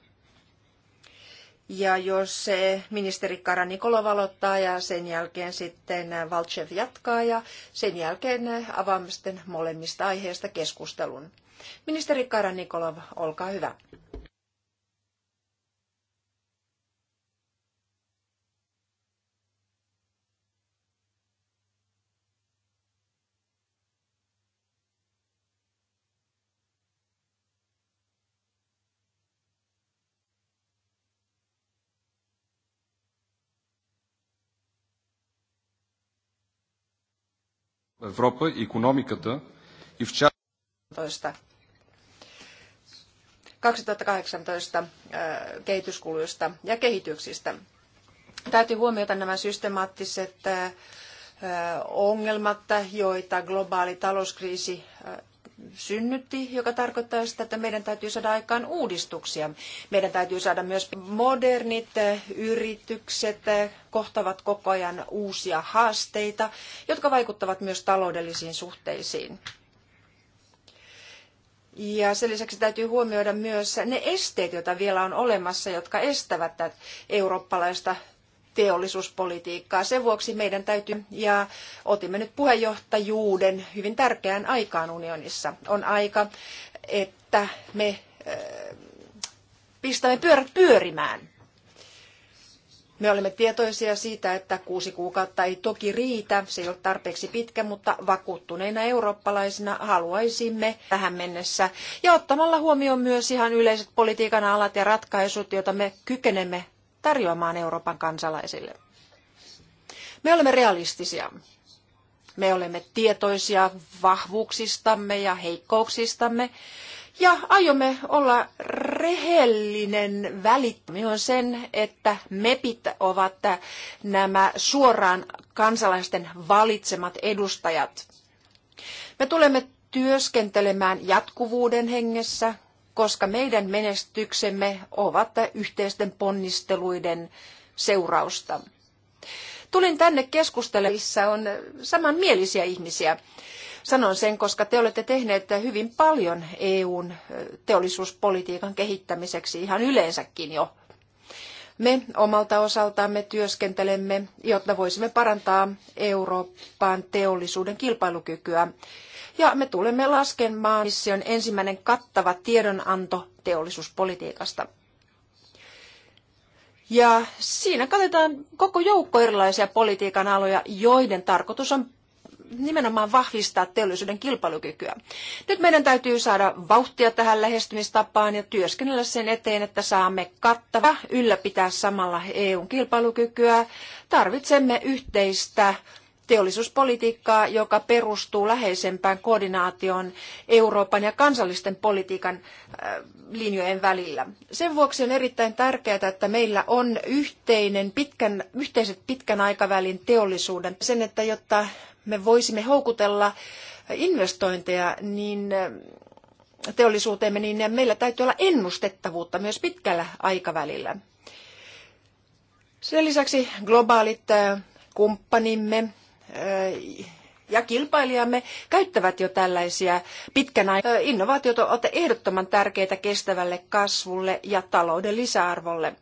Ja jos se ministeri Karanikolov aloittaa ja sen jälkeen sitten Valchev jatkaa ja sen jälkeen avaamme sitten molemmista aiheista keskustelun. Ministeri Karanikolov, olkaa hyvä. Европа, ekonomikata, и в 2018 kehityskuluista ja kehityksistä. Täytyy huomioida nämä systemaattiset ongelmat, joita globaali talouskriisi synnytti, joka tarkoittaa sitä, että meidän täytyy saada aikaan uudistuksia. Meidän täytyy saada myös modernit eh, yritykset eh, kohtavat koko ajan uusia haasteita, jotka vaikuttavat myös taloudellisiin suhteisiin. Ja sen lisäksi täytyy huomioida myös ne esteet, joita vielä on olemassa, jotka estävät tätä eurooppalaista teollisuuspolitiikkaa. Sen vuoksi meidän täytyy, ja otimme nyt puheenjohtajuuden hyvin tärkeään aikaan unionissa. On aika, että me äh, pistämme pyörät pyörimään. Me olemme tietoisia siitä, että kuusi kuukautta ei toki riitä, se ei ole tarpeeksi pitkä, mutta vakuuttuneina eurooppalaisina haluaisimme tähän mennessä. Ja ottamalla huomioon myös ihan yleiset politiikan alat ja ratkaisut, joita me kykenemme tarjoamaan Euroopan kansalaisille. Me olemme realistisia. Me olemme tietoisia vahvuuksistamme ja heikkouksistamme ja aiomme olla rehellinen välittäminen on sen, että MEPit ovat nämä suoraan kansalaisten valitsemat edustajat. Me tulemme työskentelemään jatkuvuuden hengessä, koska meidän menestyksemme ovat yhteisten ponnisteluiden seurausta. Tulin tänne keskustelissa on samanmielisiä ihmisiä. Sanon sen, koska te olette tehneet hyvin paljon EUn teollisuuspolitiikan kehittämiseksi ihan yleensäkin jo me omalta osaltamme työskentelemme, jotta voisimme parantaa Euroopan teollisuuden kilpailukykyä. Ja me tulemme laskemaan mission ensimmäinen kattava tiedonanto teollisuuspolitiikasta. Ja siinä katsotaan koko joukko erilaisia politiikan aloja, joiden tarkoitus on nimenomaan vahvistaa teollisuuden kilpailukykyä. Nyt meidän täytyy saada vauhtia tähän lähestymistapaan ja työskennellä sen eteen, että saamme kattava ylläpitää samalla EUn kilpailukykyä. Tarvitsemme yhteistä teollisuuspolitiikkaa, joka perustuu läheisempään koordinaatioon Euroopan ja kansallisten politiikan äh, linjojen välillä. Sen vuoksi on erittäin tärkeää, että meillä on yhteinen pitkän, yhteiset pitkän aikavälin teollisuuden sen, että jotta me voisimme houkutella investointeja niin äh, teollisuuteemme, niin meillä täytyy olla ennustettavuutta myös pitkällä aikavälillä. Sen lisäksi globaalit äh, kumppanimme äh, ja kilpailijamme käyttävät jo tällaisia pitkän ajan innovaatiot ovat ehdottoman tärkeitä kestävälle kasvulle ja talouden lisäarvolle.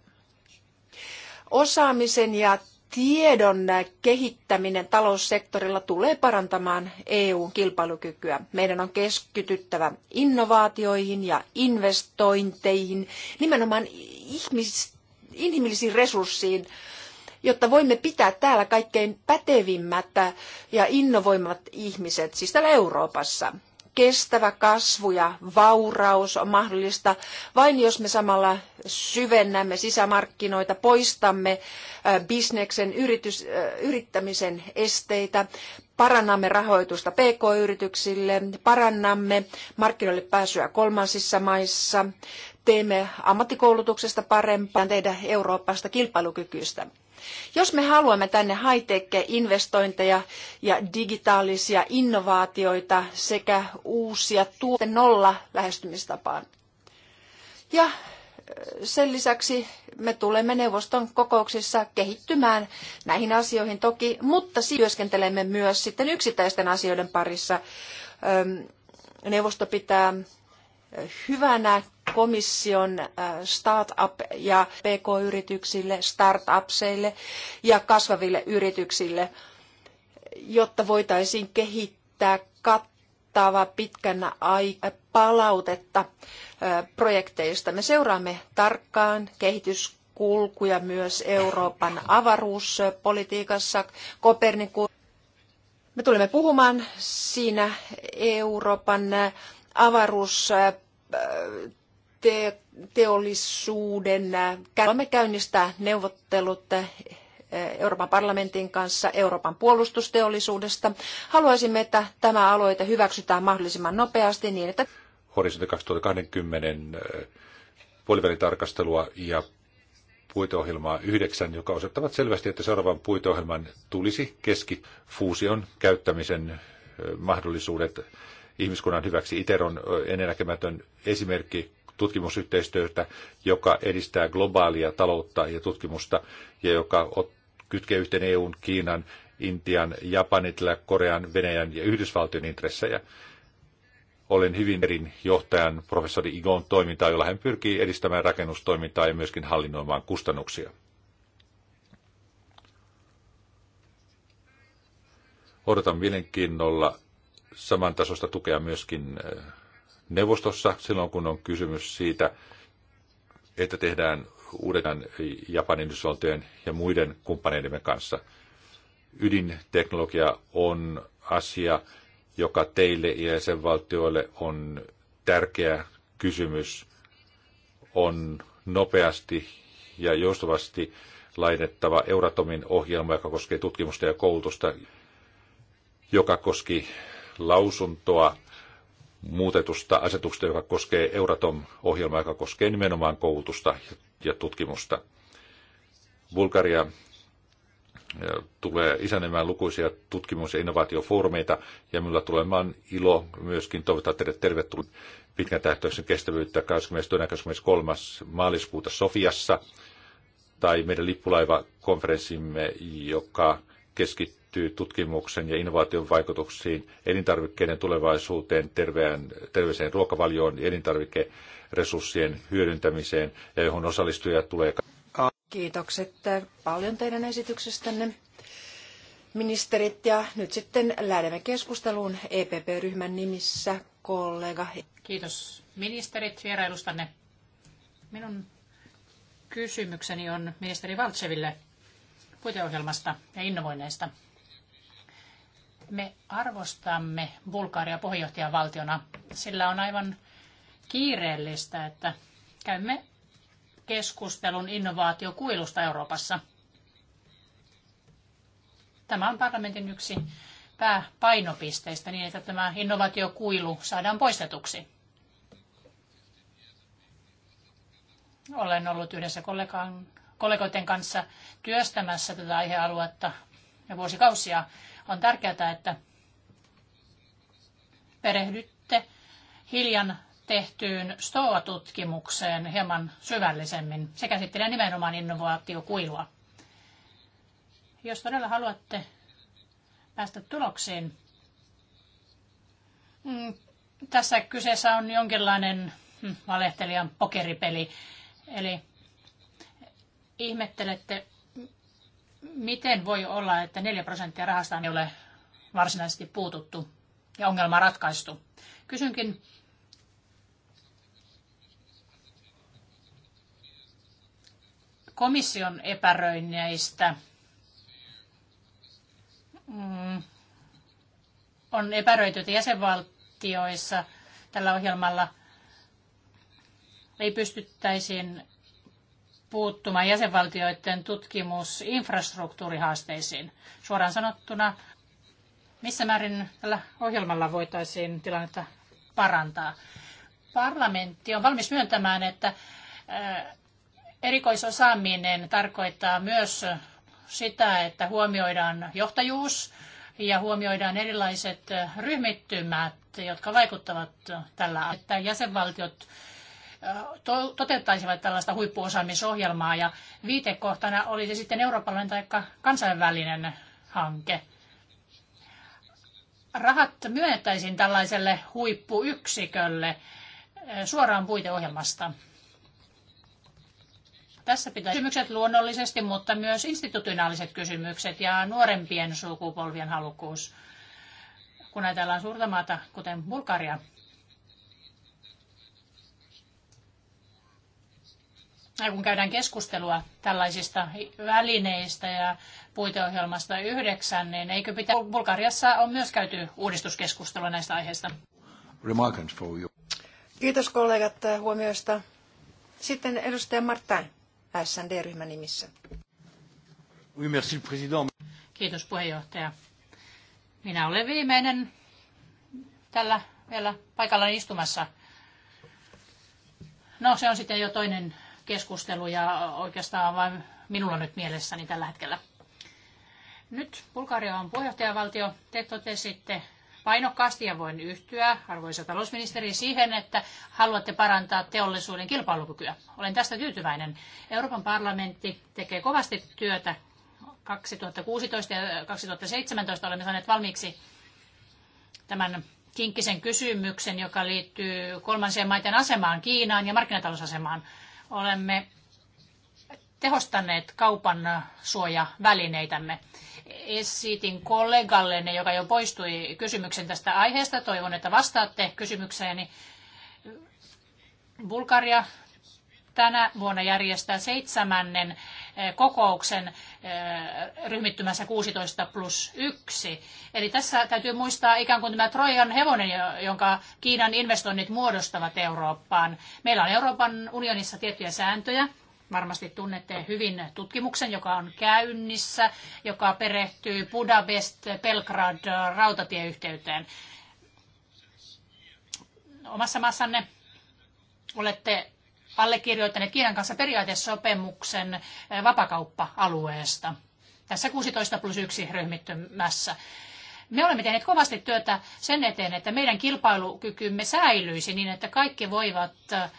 Osaamisen ja tiedon kehittäminen taloussektorilla tulee parantamaan EUn kilpailukykyä. Meidän on keskityttävä innovaatioihin ja investointeihin, nimenomaan ihmis, inhimillisiin resurssiin, jotta voimme pitää täällä kaikkein pätevimmät ja innovoimat ihmiset, siis täällä Euroopassa kestävä kasvu ja vauraus on mahdollista vain jos me samalla syvennämme sisämarkkinoita, poistamme bisneksen yritys, yrittämisen esteitä, parannamme rahoitusta pk-yrityksille, parannamme markkinoille pääsyä kolmansissa maissa, teemme ammattikoulutuksesta parempaa, tehdä Euroopasta kilpailukykyistä. Jos me haluamme tänne high-tech-investointeja ja digitaalisia innovaatioita sekä uusia tuote nolla lähestymistapaan. Ja sen lisäksi me tulemme neuvoston kokouksissa kehittymään näihin asioihin toki, mutta työskentelemme myös sitten yksittäisten asioiden parissa. Neuvosto pitää hyvänä komission äh, start-up ja pk-yrityksille, startupseille ja kasvaville yrityksille, jotta voitaisiin kehittää kattava pitkän aikaa äh, palautetta äh, projekteista. Me seuraamme tarkkaan kehityskulkuja myös Euroopan avaruuspolitiikassa, Koperniku, me tulemme puhumaan siinä Euroopan avaruus te- teollisuuden. Haluamme äh, käynnistää neuvottelut äh, Euroopan parlamentin kanssa Euroopan puolustusteollisuudesta. Haluaisimme, että tämä aloite hyväksytään mahdollisimman nopeasti niin, että... Horisontti 2020 äh, puolivälitarkastelua ja puiteohjelmaa yhdeksän, joka osoittavat selvästi, että seuraavan puiteohjelman tulisi keski fuusion käyttämisen mahdollisuudet ihmiskunnan hyväksi. ITER on ennennäkemätön esimerkki tutkimusyhteistyötä, joka edistää globaalia taloutta ja tutkimusta ja joka kytkee yhteen EUn, Kiinan, Intian, Japanin, Korean, Venäjän ja Yhdysvaltojen intressejä. Olen hyvin erin johtajan professori Igon toimintaa, jolla hän pyrkii edistämään rakennustoimintaa ja myöskin hallinnoimaan kustannuksia. Odotan mielenkiinnolla samantasoista tukea myöskin eh, neuvostossa silloin, kun on kysymys siitä, että tehdään uuden Japanin, Yhdysvaltojen ja muiden kumppaneidemme kanssa. Ydinteknologia on asia, joka teille ja valtioille on tärkeä kysymys. On nopeasti ja joustavasti lainettava Euratomin ohjelma, joka koskee tutkimusta ja koulutusta, joka koski lausuntoa muutetusta asetuksesta, joka koskee Euratom-ohjelmaa, joka koskee nimenomaan koulutusta ja tutkimusta. Bulgaria tulee isänemään lukuisia tutkimus- ja innovaatiofoorumeita, ja minulla tulee maan ilo myöskin toivottaa teidät tervetulleet pitkän tähtäyksen kestävyyttä 23. maaliskuuta Sofiassa, tai meidän lippulaivakonferenssimme, joka keskittyy liittyy tutkimuksen ja innovaation vaikutuksiin, elintarvikkeiden tulevaisuuteen, terveen, terveeseen ruokavalioon, elintarvikeresurssien hyödyntämiseen ja johon osallistujia tulee. Kiitokset paljon teidän esityksestänne, ministerit. Ja nyt sitten lähdemme keskusteluun EPP-ryhmän nimissä, kollega. Kiitos ministerit vierailustanne. Minun kysymykseni on ministeri Valtseville puiteohjelmasta ja innovoinneista. Me arvostamme Bulgaria puheenjohtajavaltiona. Sillä on aivan kiireellistä, että käymme keskustelun innovaatiokuilusta Euroopassa. Tämä on parlamentin yksi pääpainopisteistä niin, että tämä innovaatiokuilu saadaan poistetuksi. Olen ollut yhdessä kollegoiden kanssa työstämässä tätä aihealuetta ja vuosikausia on tärkeää, että perehdytte hiljan tehtyyn STOA-tutkimukseen hieman syvällisemmin. Se käsittelee nimenomaan innovaatiokuilua. Jos todella haluatte päästä tuloksiin, mm, tässä kyseessä on jonkinlainen mm, valehtelijan pokeripeli. Eli ihmettelette miten voi olla, että 4 prosenttia rahasta ei ole varsinaisesti puututtu ja ongelma ratkaistu? Kysynkin, komission epäröinneistä mm, on epäröity, että jäsenvaltioissa tällä ohjelmalla ei pystyttäisiin puuttumaan jäsenvaltioiden tutkimusinfrastruktuurihaasteisiin. Suoraan sanottuna, missä määrin tällä ohjelmalla voitaisiin tilannetta parantaa? Parlamentti on valmis myöntämään, että äh, erikoisosaaminen tarkoittaa myös sitä, että huomioidaan johtajuus ja huomioidaan erilaiset ryhmittymät, jotka vaikuttavat tällä, että jäsenvaltiot to- toteuttaisivat tällaista huippuosaamisohjelmaa ja viitekohtana oli se sitten eurooppalainen tai kansainvälinen hanke. Rahat myönnettäisiin tällaiselle huippuyksikölle suoraan puiteohjelmasta. Tässä pitää kysymykset luonnollisesti, mutta myös institutionaaliset kysymykset ja nuorempien sukupolvien halukkuus. Kun ajatellaan suurta maata, kuten Bulgaria, kun käydään keskustelua tällaisista välineistä ja puiteohjelmasta yhdeksän, niin eikö pitää, Bulgariassa on myös käyty uudistuskeskustelua näistä aiheista. Kiitos kollegat huomioista. Sitten edustaja Martin, SND-ryhmän nimissä. Oui, merci, president. Kiitos puheenjohtaja. Minä olen viimeinen tällä vielä paikalla istumassa. No se on sitten jo toinen keskusteluja oikeastaan vain minulla nyt mielessäni tällä hetkellä. Nyt Bulgaria on puheenjohtajavaltio. Te totesitte painokkaasti ja voin yhtyä, arvoisa talousministeri, siihen, että haluatte parantaa teollisuuden kilpailukykyä. Olen tästä tyytyväinen. Euroopan parlamentti tekee kovasti työtä. 2016 ja 2017 olemme saaneet valmiiksi tämän kinkkisen kysymyksen, joka liittyy kolmansien maiden asemaan, Kiinaan ja markkinatalousasemaan olemme tehostaneet kaupan suojavälineitämme. Esitin kollegallenne, joka jo poistui kysymyksen tästä aiheesta. Toivon, että vastaatte kysymykseeni. Bulgaria tänä vuonna järjestää seitsemännen Eh, kokouksen eh, ryhmittymässä 16 plus 1. Eli tässä täytyy muistaa ikään kuin tämä Trojan hevonen, jonka Kiinan investoinnit muodostavat Eurooppaan. Meillä on Euroopan unionissa tiettyjä sääntöjä, varmasti tunnette hyvin tutkimuksen, joka on käynnissä, joka perehtyy Budapest-Belgrad rautatieyhteyteen. Omassa maassanne olette allekirjoittaneet Kiinan kanssa periaatesopimuksen eh, vapakauppa-alueesta. Tässä 16 plus 1 ryhmittymässä. Me olemme tehneet kovasti työtä sen eteen, että meidän kilpailukykymme säilyisi niin, että kaikki voivat eh,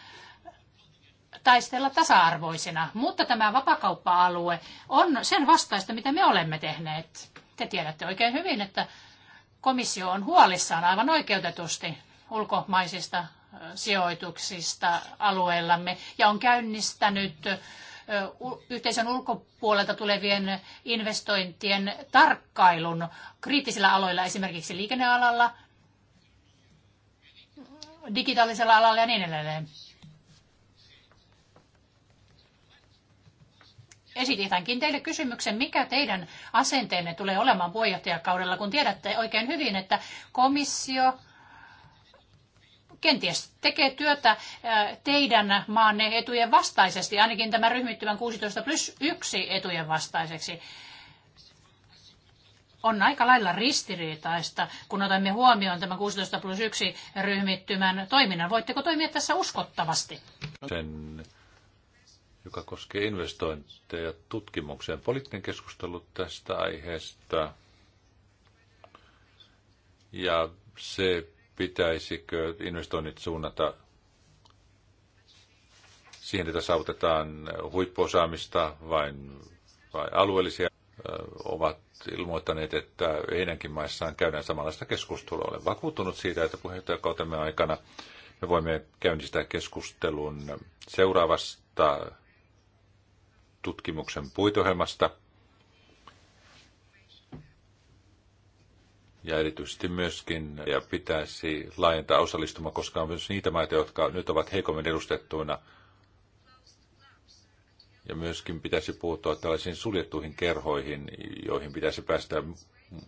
taistella tasa-arvoisina. Mutta tämä vapakauppa-alue on sen vastaista, mitä me olemme tehneet. Te tiedätte oikein hyvin, että komissio on huolissaan aivan oikeutetusti ulkomaisista sijoituksista alueellamme ja on käynnistänyt yhteisön ulkopuolelta tulevien investointien tarkkailun kriittisillä aloilla, esimerkiksi liikennealalla, digitaalisella alalla ja niin edelleen. Esitetäänkin teille kysymyksen, mikä teidän asenteenne tulee olemaan puheenjohtajakaudella, kun tiedätte oikein hyvin, että komissio kenties tekee työtä teidän maanne etujen vastaisesti, ainakin tämä ryhmittymän 16 plus 1 etujen vastaiseksi on aika lailla ristiriitaista, kun otamme huomioon tämän 16 plus 1 ryhmittymän toiminnan. Voitteko toimia tässä uskottavasti? Sen, joka koskee investointeja tutkimukseen. Poliittinen keskustelu tästä aiheesta ja se pitäisikö investoinnit suunnata siihen, että saavutetaan huippuosaamista vain, vai alueellisia ovat ilmoittaneet, että heidänkin maissaan käydään samanlaista keskustelua. Olen vakuuttunut siitä, että puheenjohtajakautemme aikana me voimme käynnistää keskustelun seuraavasta tutkimuksen puitohjelmasta – ja erityisesti myöskin ja pitäisi laajentaa osallistuma, koska on myös niitä maita, jotka nyt ovat heikommin edustettuina. Ja myöskin pitäisi puuttua tällaisiin suljettuihin kerhoihin, joihin pitäisi päästä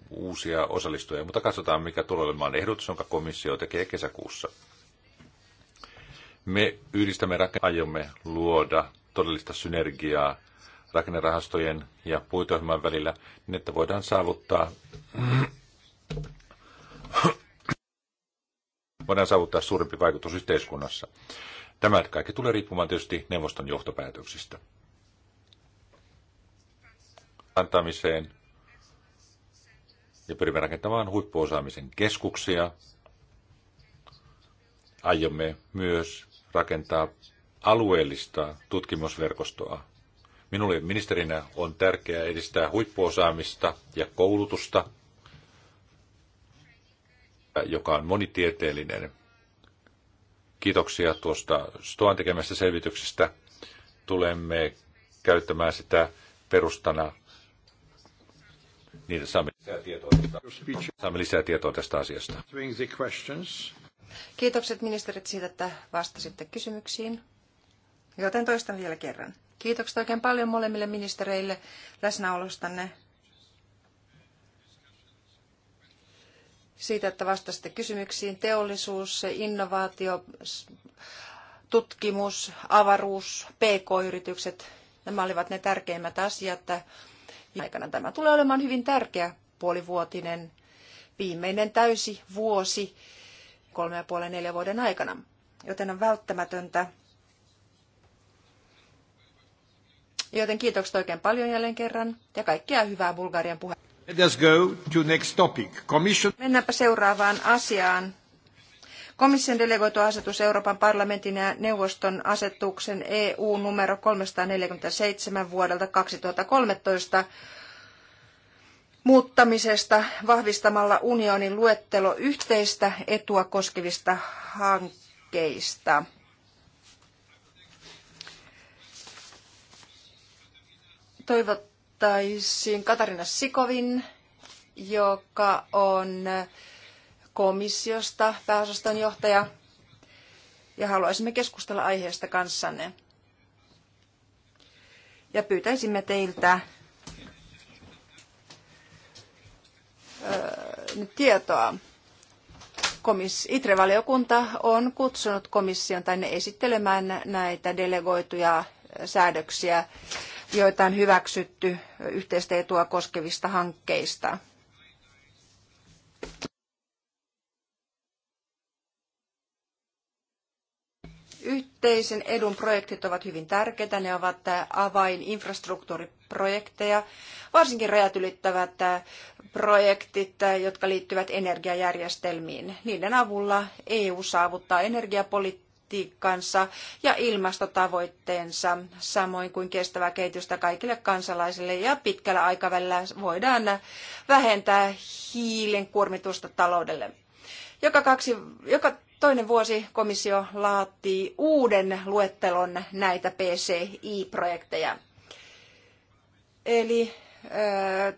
uusia osallistujia. Mutta katsotaan, mikä tulee olemaan ehdotus, jonka komissio tekee kesäkuussa. Me yhdistämme aiomme luoda todellista synergiaa rakennerahastojen ja puitoihman välillä, niin että voidaan saavuttaa voidaan saavuttaa suurempi vaikutus yhteiskunnassa. Tämä kaikki tulee riippumaan tietysti neuvoston johtopäätöksistä. Antamiseen ja pyrimme rakentamaan huippuosaamisen keskuksia. Aiomme myös rakentaa alueellista tutkimusverkostoa. Minulle ministerinä on tärkeää edistää huippuosaamista ja koulutusta – joka on monitieteellinen. Kiitoksia tuosta Stoan tekemästä selvityksestä. Tulemme käyttämään sitä perustana. Niitä saamme lisää tietoa, saamme lisää tietoa tästä asiasta. Kiitokset ministerit siitä, että vastasitte kysymyksiin. Joten toistan vielä kerran. Kiitokset oikein paljon molemmille ministereille läsnäolostanne siitä, että vastasitte kysymyksiin. Teollisuus, innovaatio, tutkimus, avaruus, PK-yritykset, nämä olivat ne tärkeimmät asiat. Aikana tämä tulee olemaan hyvin tärkeä puolivuotinen viimeinen täysi vuosi kolme ja puolen neljä vuoden aikana. Joten on välttämätöntä. Joten kiitokset oikein paljon jälleen kerran ja kaikkea hyvää Bulgarian puheenjohtajalle. Let us go to next topic. Commission... Mennäänpä seuraavaan asiaan. Komission delegoitu asetus Euroopan parlamentin ja neuvoston asetuksen EU numero 347 vuodelta 2013 muuttamisesta vahvistamalla unionin luettelo yhteistä etua koskevista hankkeista. Toivottavasti ottaisin Katarina Sikovin, joka on komissiosta pääosaston johtaja, ja haluaisimme keskustella aiheesta kanssanne. Ja pyytäisimme teiltä tietoa. Komis, ITRE-valiokunta on kutsunut komission tänne esittelemään näitä delegoituja säädöksiä joita on hyväksytty yhteistä etua koskevista hankkeista. Yhteisen edun projektit ovat hyvin tärkeitä. Ne ovat avain infrastruktuuriprojekteja, varsinkin rajat ylittävät projektit, jotka liittyvät energiajärjestelmiin. Niiden avulla EU saavuttaa energiapolitiikkaa politiikkansa ja ilmastotavoitteensa, samoin kuin kestävää kehitystä kaikille kansalaisille ja pitkällä aikavälillä voidaan vähentää hiilen kuormitusta taloudelle. Joka, kaksi, joka toinen vuosi komissio laatii uuden luettelon näitä PCI-projekteja. Eli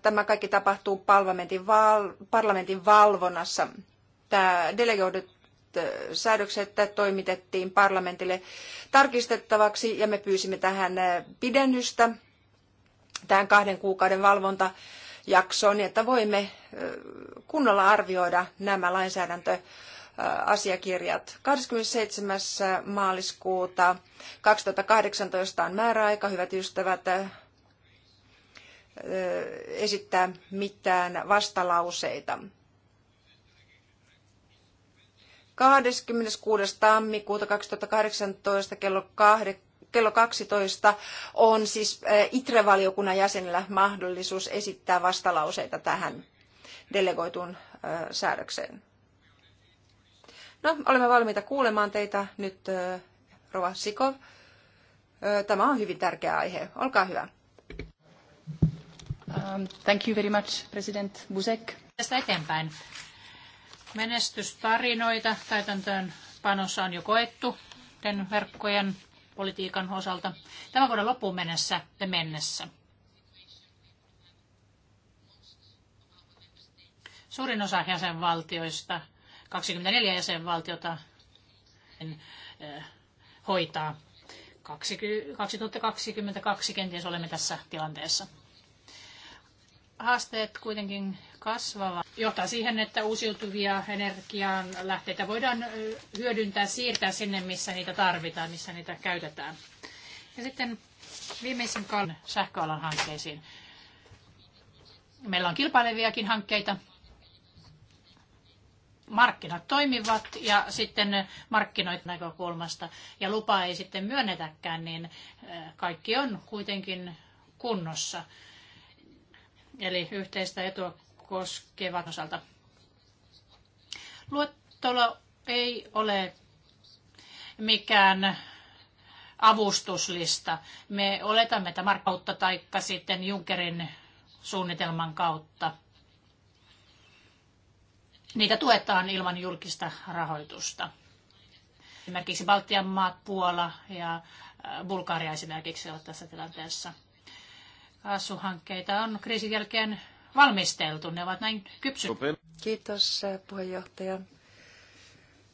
tämä kaikki tapahtuu parlamentin, val, parlamentin valvonnassa. Tämä delegoidut Äh, säädökset toimitettiin parlamentille tarkistettavaksi ja me pyysimme tähän äh, pidennystä tähän kahden kuukauden valvontajaksoon, jotta että voimme äh, kunnolla arvioida nämä lainsäädäntö asiakirjat. 27. maaliskuuta 2018 on määräaika, hyvät ystävät, esittää mitään vastalauseita. 26. tammikuuta 2018 kello 8 kello 12 on siis eh, ITRE-valiokunnan jäsenillä mahdollisuus esittää vastalauseita tähän delegoitun eh, säädökseen. No, olemme valmiita kuulemaan teitä nyt, eh, Rova Sikov. Tämä on hyvin tärkeä aihe. Olkaa hyvä. Um, thank you very much, President Buzek. Tästä eteenpäin menestystarinoita täytäntöön panossa on jo koettu ten verkkojen politiikan osalta tämän vuoden loppuun mennessä ja mennessä. Suurin osa jäsenvaltioista, 24 jäsenvaltiota, eh, hoitaa 2022 kenties olemme tässä tilanteessa. Haasteet kuitenkin kasvavat johtaa siihen, että uusiutuvia energian lähteitä voidaan hyödyntää, siirtää sinne, missä niitä tarvitaan, missä niitä käytetään. Ja sitten viimeisen kauden sähköalan hankkeisiin. Meillä on kilpaileviakin hankkeita. Markkinat toimivat ja sitten markkinoit näkökulmasta ja lupa ei sitten myönnetäkään, niin kaikki on kuitenkin kunnossa. Eli yhteistä etua koskevat osalta. Luettelo ei ole mikään avustuslista. Me oletamme tämän kautta tai sitten Junckerin suunnitelman kautta. Niitä tuetaan ilman julkista rahoitusta. Esimerkiksi Baltian maat, Puola ja äh, Bulgaria esimerkiksi ovat tässä tilanteessa. Kaasuhankkeita on kriisin jälkeen valmisteltu. Ne ovat näin kypsy. Kiitos puheenjohtaja.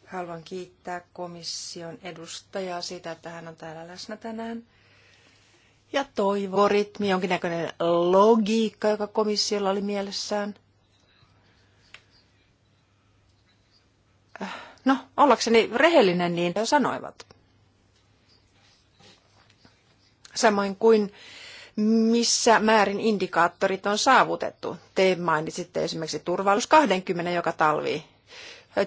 Haluan kiittää komission edustajaa siitä, että hän on täällä läsnä tänään. Ja Ritmi, jonkinnäköinen logiikka, joka komissiolla oli mielessään. Äh, no, ollakseni rehellinen, niin he sanoivat. Samoin kuin missä määrin indikaattorit on saavutettu. Te mainitsitte esimerkiksi turvallisuus 20 joka talvi.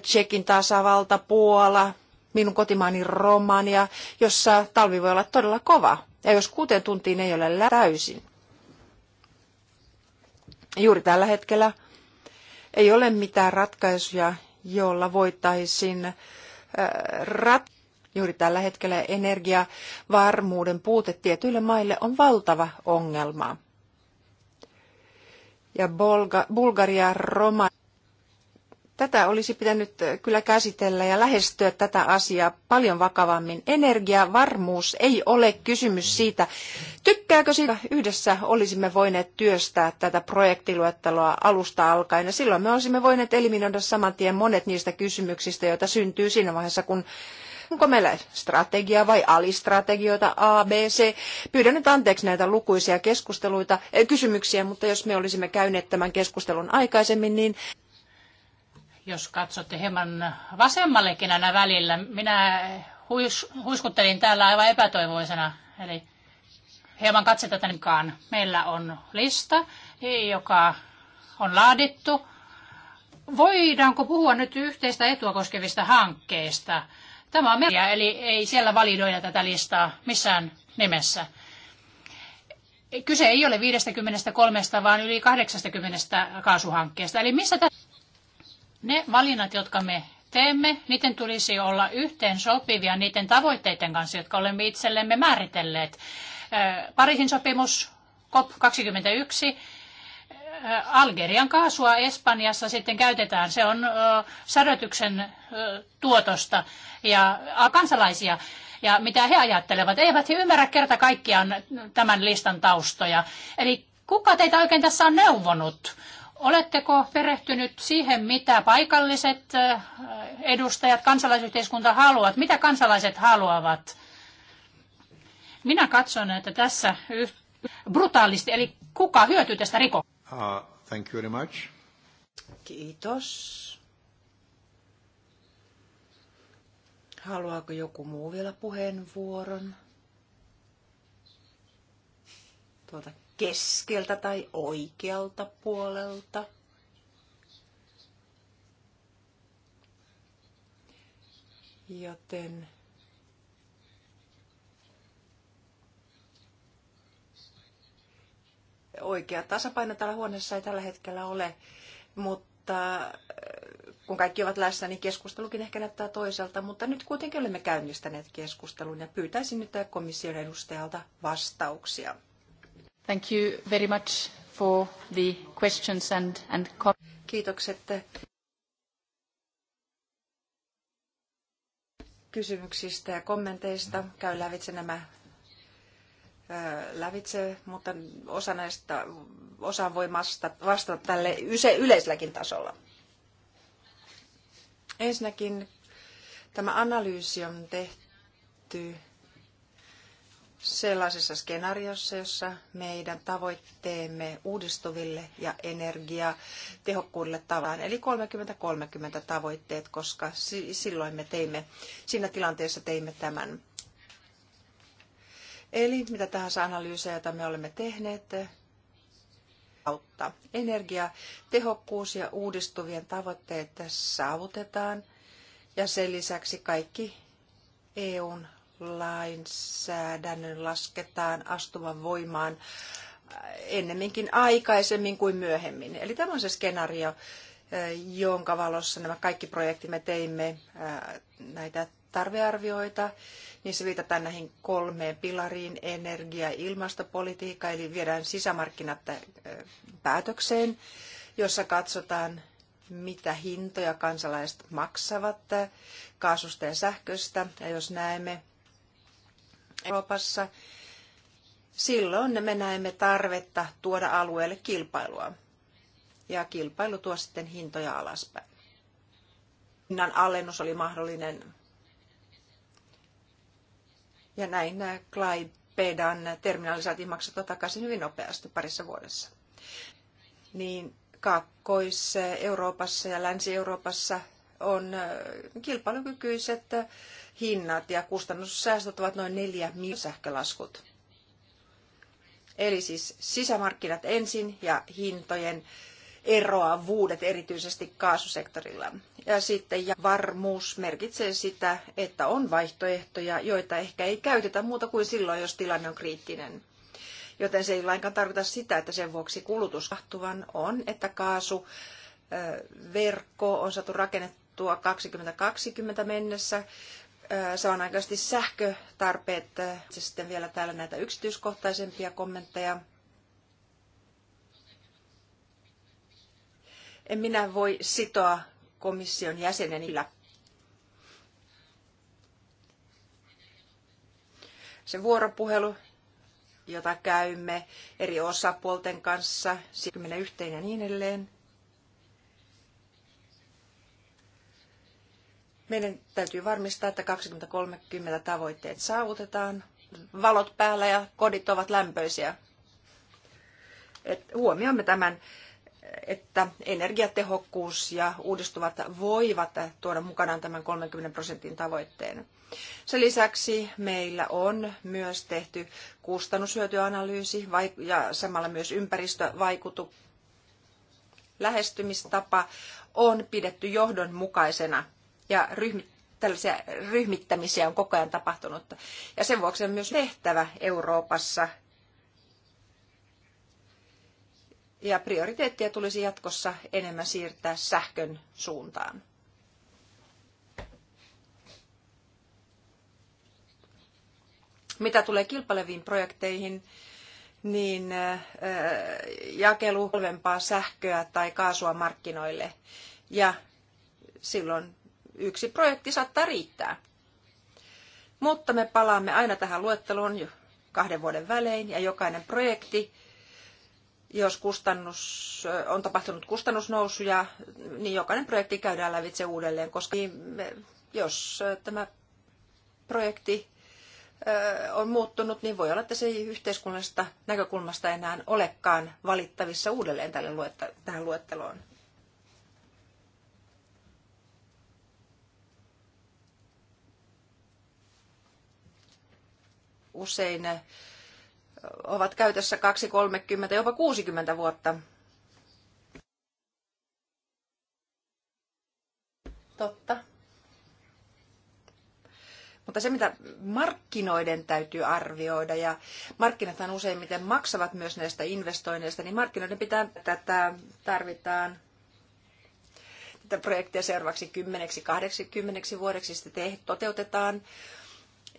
Tsekin tasavalta, Puola, minun kotimaani Romania, jossa talvi voi olla todella kova. Ja jos kuuteen tuntiin ei ole täysin. Juuri tällä hetkellä ei ole mitään ratkaisuja, jolla voitaisiin äh, rat- Juuri tällä hetkellä energiavarmuuden puute tietyille maille on valtava ongelma. Ja Bulga, Bulgaria, Roma. Tätä olisi pitänyt kyllä käsitellä ja lähestyä tätä asiaa paljon vakavammin. Energiavarmuus ei ole kysymys siitä, tykkääkö siitä. Yhdessä olisimme voineet työstää tätä projektiluetteloa alusta alkaen ja silloin me olisimme voineet eliminoida saman tien monet niistä kysymyksistä, joita syntyy siinä vaiheessa, kun Onko meillä strategia vai alistrategioita A, B, C? Pyydän nyt anteeksi näitä lukuisia keskusteluita, eh, kysymyksiä, mutta jos me olisimme käyneet tämän keskustelun aikaisemmin, niin jos katsotte hieman vasemmallekin aina välillä, minä huis, huiskuttelin täällä aivan epätoivoisena, eli hieman katsetta tännekaan. Meillä on lista, joka on laadittu. Voidaanko puhua nyt yhteistä etua koskevista hankkeista? Tämä on media, eli ei siellä validoida tätä listaa missään nimessä. Kyse ei ole 53, vaan yli 80 kaasuhankkeesta. Eli missä tä- ne valinnat, jotka me teemme, niiden tulisi olla yhteen sopivia niiden tavoitteiden kanssa, jotka olemme itsellemme määritelleet. Pariisin sopimus, COP21, Äh, Algerian kaasua Espanjassa sitten käytetään. Se on sadötyksen tuotosta ja kansalaisia. Ja mitä he ajattelevat? Eivät he ymmärrä kerta kaikkiaan tämän listan taustoja. Eli kuka teitä oikein tässä on neuvonut? Oletteko perehtynyt siihen, mitä paikalliset edustajat, kansalaisyhteiskunta haluavat? Mitä kansalaiset haluavat? Minä katson, että tässä brutaalisti, eli kuka hyötyy tästä rikoksesta? Uh, thank you very much. Kiitos. Haluaako joku muu vielä puheenvuoron? Tuolta keskeltä tai oikealta puolelta. Joten oikea tasapaino täällä huoneessa ei tällä hetkellä ole, mutta äh, kun kaikki ovat läsnä, niin keskustelukin ehkä näyttää toiselta, mutta nyt kuitenkin olemme käynnistäneet keskustelun ja pyytäisin nyt komission edustajalta vastauksia. Thank you very much for the questions and, and Kiitokset kysymyksistä ja kommenteista. Käy lävitse nämä lävitse, mutta osa näistä, osa voi vastata, tälle yleiselläkin tasolla. Ensinnäkin tämä analyysi on tehty sellaisessa skenaariossa, jossa meidän tavoitteemme uudistuville ja energiatehokkuudelle tavoin, eli 30-30 tavoitteet, koska silloin me teimme, siinä tilanteessa teimme tämän Eli mitä tahansa analyysejä, joita me olemme tehneet, kautta. Energia, tehokkuus ja uudistuvien tavoitteet saavutetaan ja sen lisäksi kaikki EUn lainsäädännön lasketaan astuvan voimaan äh, ennemminkin aikaisemmin kuin myöhemmin. Eli tämä on se skenaario, äh, jonka valossa nämä kaikki projektit me teimme äh, näitä tarvearvioita, niin se viitataan näihin kolmeen pilariin, energia- ja ilmastopolitiikka, eli viedään sisämarkkinat äh, päätökseen, jossa katsotaan, mitä hintoja kansalaiset maksavat äh, kaasusta ja sähköstä. Ja jos näemme Euroopassa, silloin me näemme tarvetta tuoda alueelle kilpailua. Ja kilpailu tuo sitten hintoja alaspäin. Hinnan alennus oli mahdollinen ja näin äh, Klaipedan terminaali saatiin maksata takaisin hyvin nopeasti parissa vuodessa. Niin Kaakkois-Euroopassa ja Länsi-Euroopassa on äh, kilpailukykyiset äh, hinnat ja kustannussäästöt ovat noin neljä sähkölaskut. Eli siis sisämarkkinat ensin ja hintojen eroavuudet erityisesti kaasusektorilla. Ja sitten ja varmuus merkitsee sitä, että on vaihtoehtoja, joita ehkä ei käytetä muuta kuin silloin, jos tilanne on kriittinen. Joten se ei lainkaan tarkoita sitä, että sen vuoksi kulutus kahtuvan on, että kaasu verkko on saatu rakennettua 2020 mennessä. Samanaikaisesti sähkötarpeet. Sitten vielä täällä näitä yksityiskohtaisempia kommentteja. En minä voi sitoa komission jäsenenillä. Se vuoropuhelu, jota käymme eri osapuolten kanssa, siirtyminen yhteen ja niin edelleen. Meidän täytyy varmistaa, että 2030 tavoitteet saavutetaan, valot päällä ja kodit ovat lämpöisiä. Et huomioimme tämän että energiatehokkuus ja uudistuvat voivat tuoda mukanaan tämän 30 prosentin tavoitteen. Sen lisäksi meillä on myös tehty kustannushyötyanalyysi ja samalla myös ympäristövaikutu lähestymistapa on pidetty johdonmukaisena ja tällaisia ryhmittämisiä on koko ajan tapahtunut. Ja sen vuoksi on myös tehtävä Euroopassa ja prioriteettia tulisi jatkossa enemmän siirtää sähkön suuntaan. Mitä tulee kilpaileviin projekteihin, niin jakelu halvempaa sähköä tai kaasua markkinoille. Ja silloin yksi projekti saattaa riittää. Mutta me palaamme aina tähän luetteloon kahden vuoden välein ja jokainen projekti jos kustannus, on tapahtunut kustannusnousuja, niin jokainen projekti käydään lävitse uudelleen, koska niin jos tämä projekti on muuttunut, niin voi olla, että se ei yhteiskunnallisesta näkökulmasta enää olekaan valittavissa uudelleen tälle luetta, tähän luetteloon. Usein ovat käytössä 2, 30, jopa 60 vuotta. Totta. Mutta se, mitä markkinoiden täytyy arvioida, ja markkinathan useimmiten maksavat myös näistä investoinneista, niin markkinoiden pitää tätä tarvitaan tätä projektia seuraavaksi 10-80 vuodeksi sitten toteutetaan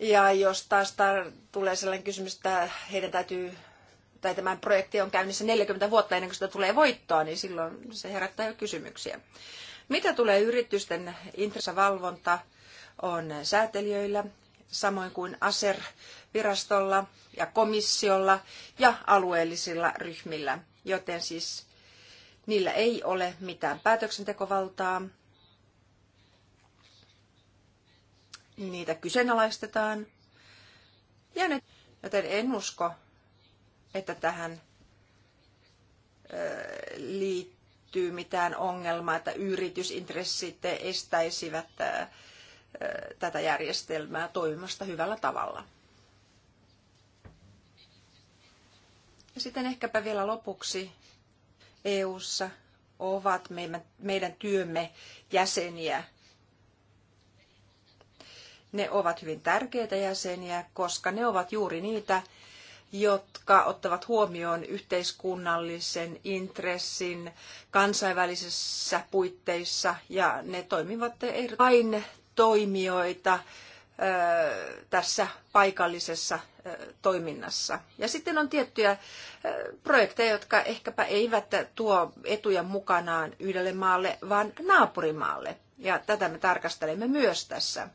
ja jos taas tulee sellainen kysymys, että heidän täytyy, tai tämä projekti on käynnissä 40 vuotta ennen kuin sitä tulee voittoa, niin silloin se herättää jo kysymyksiä. Mitä tulee yritysten intressavalvonta on säätelijöillä, samoin kuin ASER-virastolla ja komissiolla ja alueellisilla ryhmillä, joten siis niillä ei ole mitään päätöksentekovaltaa, niitä kyseenalaistetaan. Ja nyt, joten en usko, että tähän liittyy mitään ongelmaa, että yritysintressit estäisivät tätä järjestelmää toimimasta hyvällä tavalla. Ja sitten ehkäpä vielä lopuksi EU:ssa ovat meidän, meidän työmme jäseniä ne ovat hyvin tärkeitä jäseniä, koska ne ovat juuri niitä, jotka ottavat huomioon yhteiskunnallisen intressin kansainvälisissä puitteissa ja ne toimivat vain toimijoita tässä paikallisessa toiminnassa. Ja sitten on tiettyjä projekteja, jotka ehkäpä eivät tuo etuja mukanaan yhdelle maalle, vaan naapurimaalle. Ja tätä me tarkastelemme myös tässä.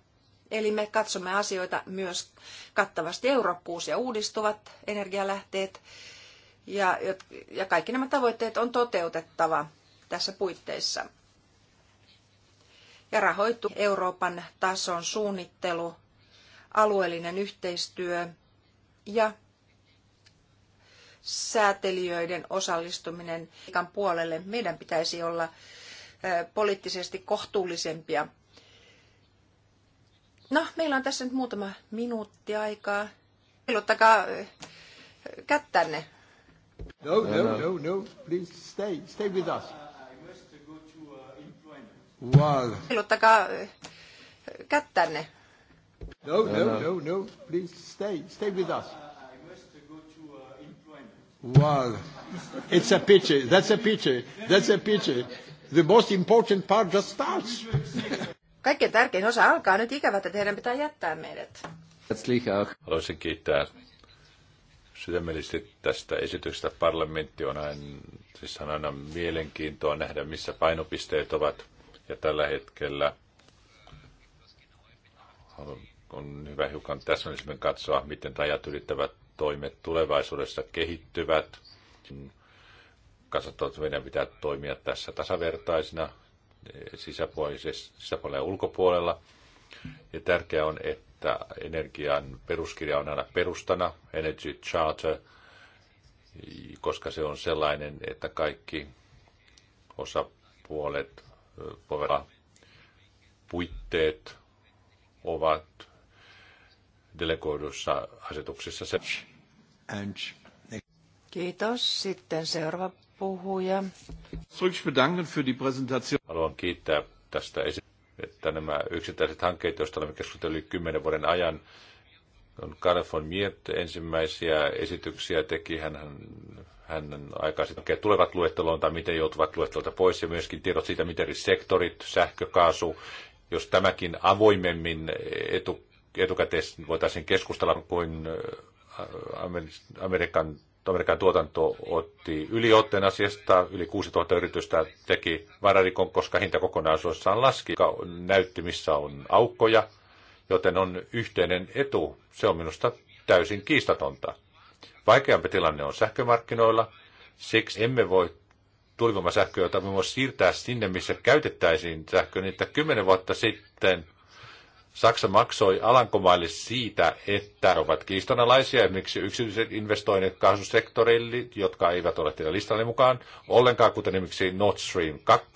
Eli me katsomme asioita myös kattavasti Eurooppuus ja uudistuvat energialähteet. Ja, ja kaikki nämä tavoitteet on toteutettava tässä puitteissa. Ja rahoittu Euroopan tason suunnittelu, alueellinen yhteistyö ja säätelijöiden osallistuminen puolelle. Meidän pitäisi olla poliittisesti kohtuullisempia No, meillä on tässä nyt muutama minuutti aikaa. Heiluttakaa kättänne. No, no, no, no, please stay, stay with us. Well. Heiluttakaa kättänne. No, no, no, no, no, please stay, stay with us. Well, it's a picture, that's a picture, that's a picture. The most important part just starts kaikkein tärkein osa alkaa nyt ikävä, että teidän pitää jättää meidät. Haluaisin kiittää sydämellisesti tästä esityksestä. Parlamentti on aina, siis on aina mielenkiintoa nähdä, missä painopisteet ovat. Ja tällä hetkellä on hyvä hiukan täsmällisemmin katsoa, miten rajat ylittävät toimet tulevaisuudessa kehittyvät. Katsotaan, että meidän pitää toimia tässä tasavertaisina sisäpuolella ja ulkopuolella. Ja tärkeää on, että energian peruskirja on aina perustana, Energy Charter, koska se on sellainen, että kaikki osapuolet voivat puitteet ovat delegoidussa asetuksessa. Kiitos. Sitten seuraava puhuja. Haluan kiittää tästä että nämä yksittäiset hankkeet, joista olemme keskustelleet kymmenen vuoden ajan, on Karel von Miet ensimmäisiä esityksiä teki, hän, hän, hän aikaisemmin tulevat luetteloon tai miten joutuvat luettelolta pois ja myöskin tiedot siitä, miten eri sektorit, sähkökaasu, jos tämäkin avoimemmin etu, etukäteen voitaisiin keskustella kuin äh, Amerikan Amerikan tuotanto otti yliotteen asiasta, yli 6000 yritystä teki vararikon, koska hinta kokonaisuudessaan laski. Näytti, missä on aukkoja, joten on yhteinen etu. Se on minusta täysin kiistatonta. Vaikeampi tilanne on sähkömarkkinoilla, siksi emme voi tuulivoimasähköä, jota me voi siirtää sinne, missä käytettäisiin sähköä, niin että kymmenen vuotta sitten Saksa maksoi Alankomaille siitä, että ovat kiistanalaisia esimerkiksi yksityiset investoinnit kaasusektorille, jotka eivät ole teidän listalle mukaan ollenkaan, kuten esimerkiksi Nord Stream 2.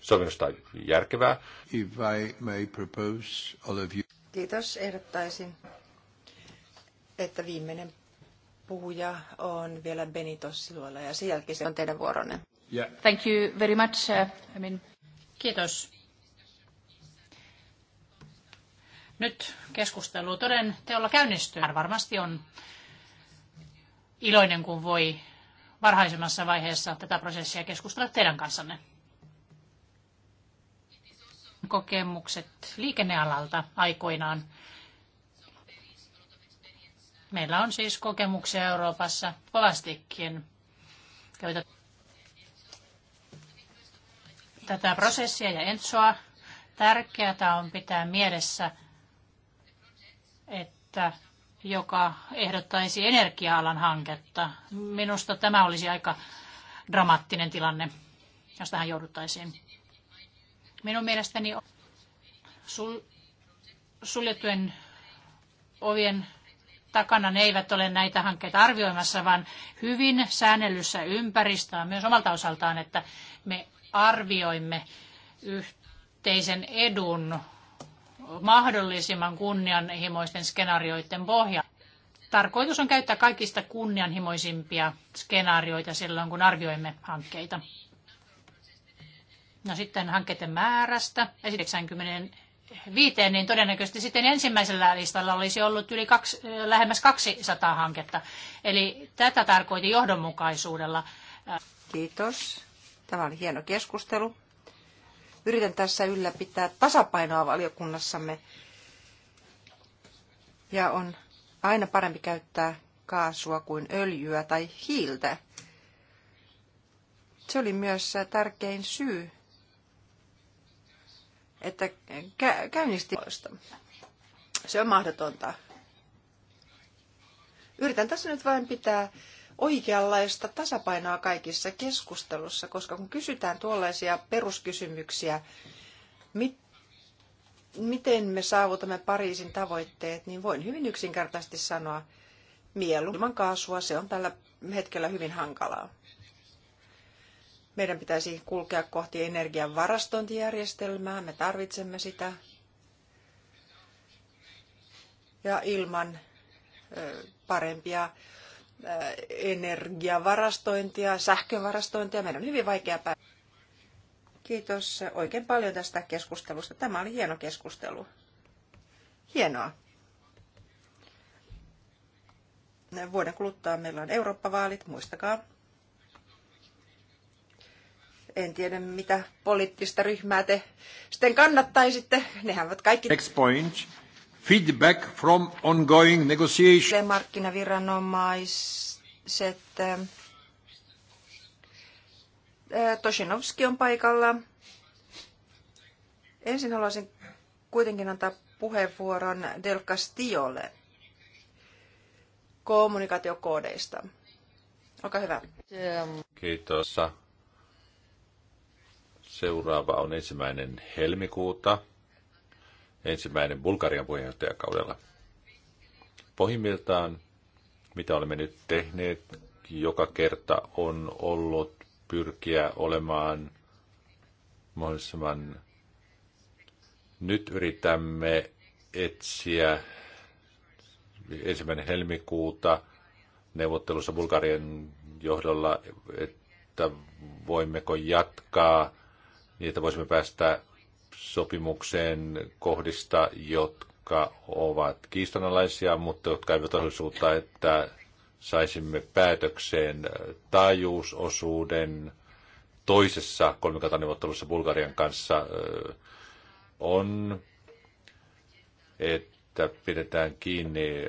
Se on minusta järkevää. If I may propose all of you. Kiitos. Ehdottaisin, että viimeinen puhuja on vielä Benito Siluola ja sen jälkeen se on teidän vuoronne. Yeah. Thank you very much. Uh, I mean... Kiitos. Nyt keskustelu toden teolla käynnistyy. Hän varmasti on iloinen, kun voi varhaisemmassa vaiheessa tätä prosessia keskustella teidän kanssanne. Kokemukset liikennealalta aikoinaan. Meillä on siis kokemuksia Euroopassa kovastikin, joita tätä prosessia ja Ensoa. Tärkeää on pitää mielessä että joka ehdottaisi energia-alan hanketta. Minusta tämä olisi aika dramaattinen tilanne, jos tähän jouduttaisiin. Minun mielestäni sul, suljettujen ovien takana ne eivät ole näitä hankkeita arvioimassa, vaan hyvin säännellyssä ympäristöä myös omalta osaltaan, että me arvioimme yhteisen edun mahdollisimman kunnianhimoisten skenaarioiden pohja. Tarkoitus on käyttää kaikista kunnianhimoisimpia skenaarioita silloin, kun arvioimme hankkeita. No sitten hankkeiden määrästä 95, niin todennäköisesti sitten ensimmäisellä listalla olisi ollut yli kaksi, lähemmäs 200 hanketta. Eli tätä tarkoitin johdonmukaisuudella. Kiitos. Tämä oli hieno keskustelu yritän tässä ylläpitää tasapainoa valiokunnassamme. Ja on aina parempi käyttää kaasua kuin öljyä tai hiiltä. Se oli myös tärkein syy, että kä- käynnisti. Se on mahdotonta. Yritän tässä nyt vain pitää oikeanlaista tasapainoa kaikissa keskustelussa, koska kun kysytään tuollaisia peruskysymyksiä, mit, miten me saavutamme Pariisin tavoitteet, niin voin hyvin yksinkertaisesti sanoa, mielu ilman kaasua, se on tällä hetkellä hyvin hankalaa. Meidän pitäisi kulkea kohti energian varastointijärjestelmää, me tarvitsemme sitä. Ja ilman parempia Äh, energiavarastointia, sähkövarastointia. Meidän on hyvin vaikea päästä. Kiitos oikein paljon tästä keskustelusta. Tämä oli hieno keskustelu. Hienoa. Vuoden kuluttua meillä on Eurooppa-vaalit, muistakaa. En tiedä, mitä poliittista ryhmää te sitten kannattaisitte. Nehän ovat kaikki... Next point feedback from ongoing negotiations. Markkinaviranomaiset. Eh, eh, Tosinovski on paikalla. Ensin haluaisin kuitenkin antaa puheenvuoron Del Castiolle kommunikaatiokoodeista. Olkaa hyvä. Kiitos. Seuraava on ensimmäinen helmikuuta ensimmäinen Bulgarian puheenjohtajakaudella. Pohjimmiltaan, mitä olemme nyt tehneet, joka kerta on ollut pyrkiä olemaan mahdollisimman... Nyt yritämme etsiä ensimmäinen helmikuuta neuvottelussa Bulgarian johdolla, että voimmeko jatkaa niin, että voisimme päästä sopimukseen kohdista, jotka ovat kiistanalaisia, mutta jotka eivät todellisuutta, että saisimme päätökseen taajuusosuuden toisessa kolmikantaneuvottelussa Bulgarian kanssa on, että pidetään kiinni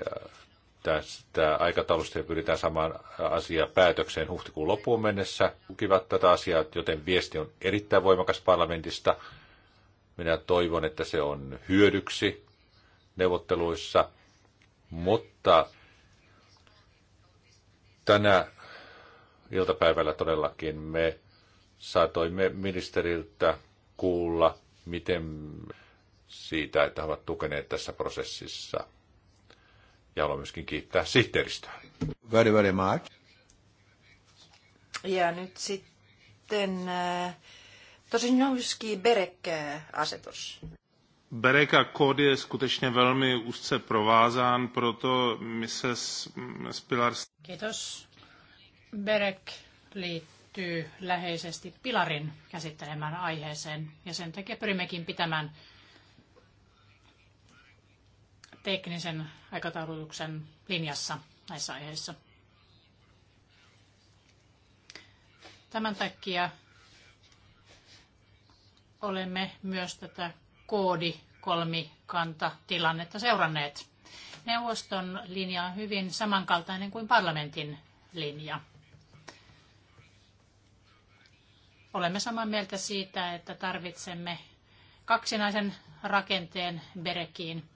tästä aikataulusta ja pyritään saamaan asia päätökseen huhtikuun loppuun mennessä. Kukivat tätä asiaa, joten viesti on erittäin voimakas parlamentista. Minä toivon, että se on hyödyksi neuvotteluissa, mutta tänä iltapäivällä todellakin me saatoimme ministeriltä kuulla, miten siitä, että he ovat tukeneet tässä prosessissa. Ja haluan myöskin kiittää sihteeristöä. Very, very much. Ja nyt sitten äh, Tosinowski Berek eh, asetus. Berek a kód je skutečně velmi úzce provázán, proto my se s, s Pilar... Kiitos. Berek liittyy läheisesti Pilarin käsittelemään aiheeseen ja sen takia pyrimmekin pitämään teknisen aikataulutuksen linjassa näissä aiheissa. Tämän takia olemme myös tätä koodi kolmikanta tilannetta seuranneet. Neuvoston linja on hyvin samankaltainen kuin parlamentin linja. Olemme samaa mieltä siitä, että tarvitsemme kaksinaisen rakenteen Berekiin.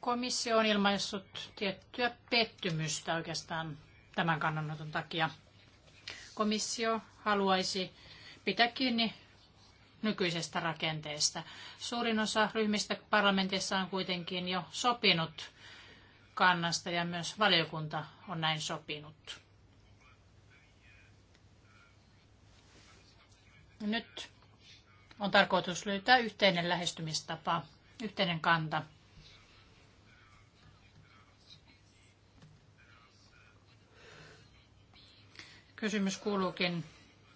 Komissio on ilmaissut tiettyä pettymystä oikeastaan tämän kannanoton takia komissio haluaisi pitää kiinni nykyisestä rakenteesta. Suurin osa ryhmistä parlamentissa on kuitenkin jo sopinut kannasta ja myös valiokunta on näin sopinut. Nyt on tarkoitus löytää yhteinen lähestymistapa, yhteinen kanta – Kysymys kuuluukin,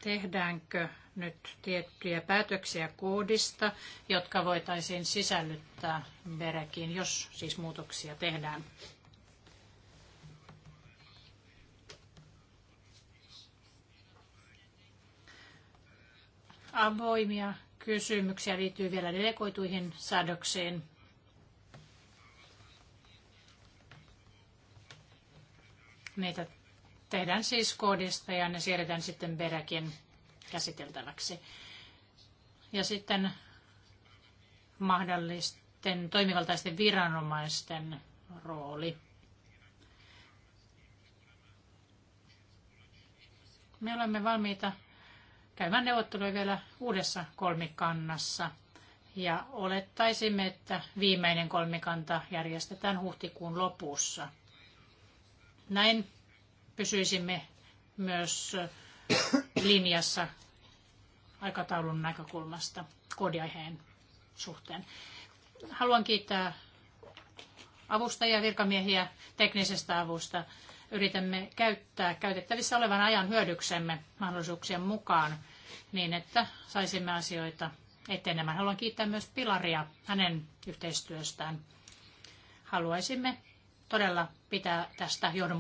tehdäänkö nyt tiettyjä päätöksiä koodista, jotka voitaisiin sisällyttää verekin, jos siis muutoksia tehdään? Avoimia kysymyksiä liittyy vielä delegoituihin säädöksiin. Niitä Tehdään siis koodista ja ne siirretään sitten peräkin käsiteltäväksi. Ja sitten mahdollisten toimivaltaisten viranomaisten rooli. Me olemme valmiita käymään neuvotteluja vielä uudessa kolmikannassa. Ja olettaisimme, että viimeinen kolmikanta järjestetään huhtikuun lopussa. Näin pysyisimme myös linjassa aikataulun näkökulmasta koodiaiheen suhteen. Haluan kiittää avustajia, virkamiehiä teknisestä avusta. Yritämme käyttää käytettävissä olevan ajan hyödyksemme mahdollisuuksien mukaan niin, että saisimme asioita etenemään. Haluan kiittää myös Pilaria hänen yhteistyöstään. Haluaisimme todella pitää tästä johdonmukaisesti.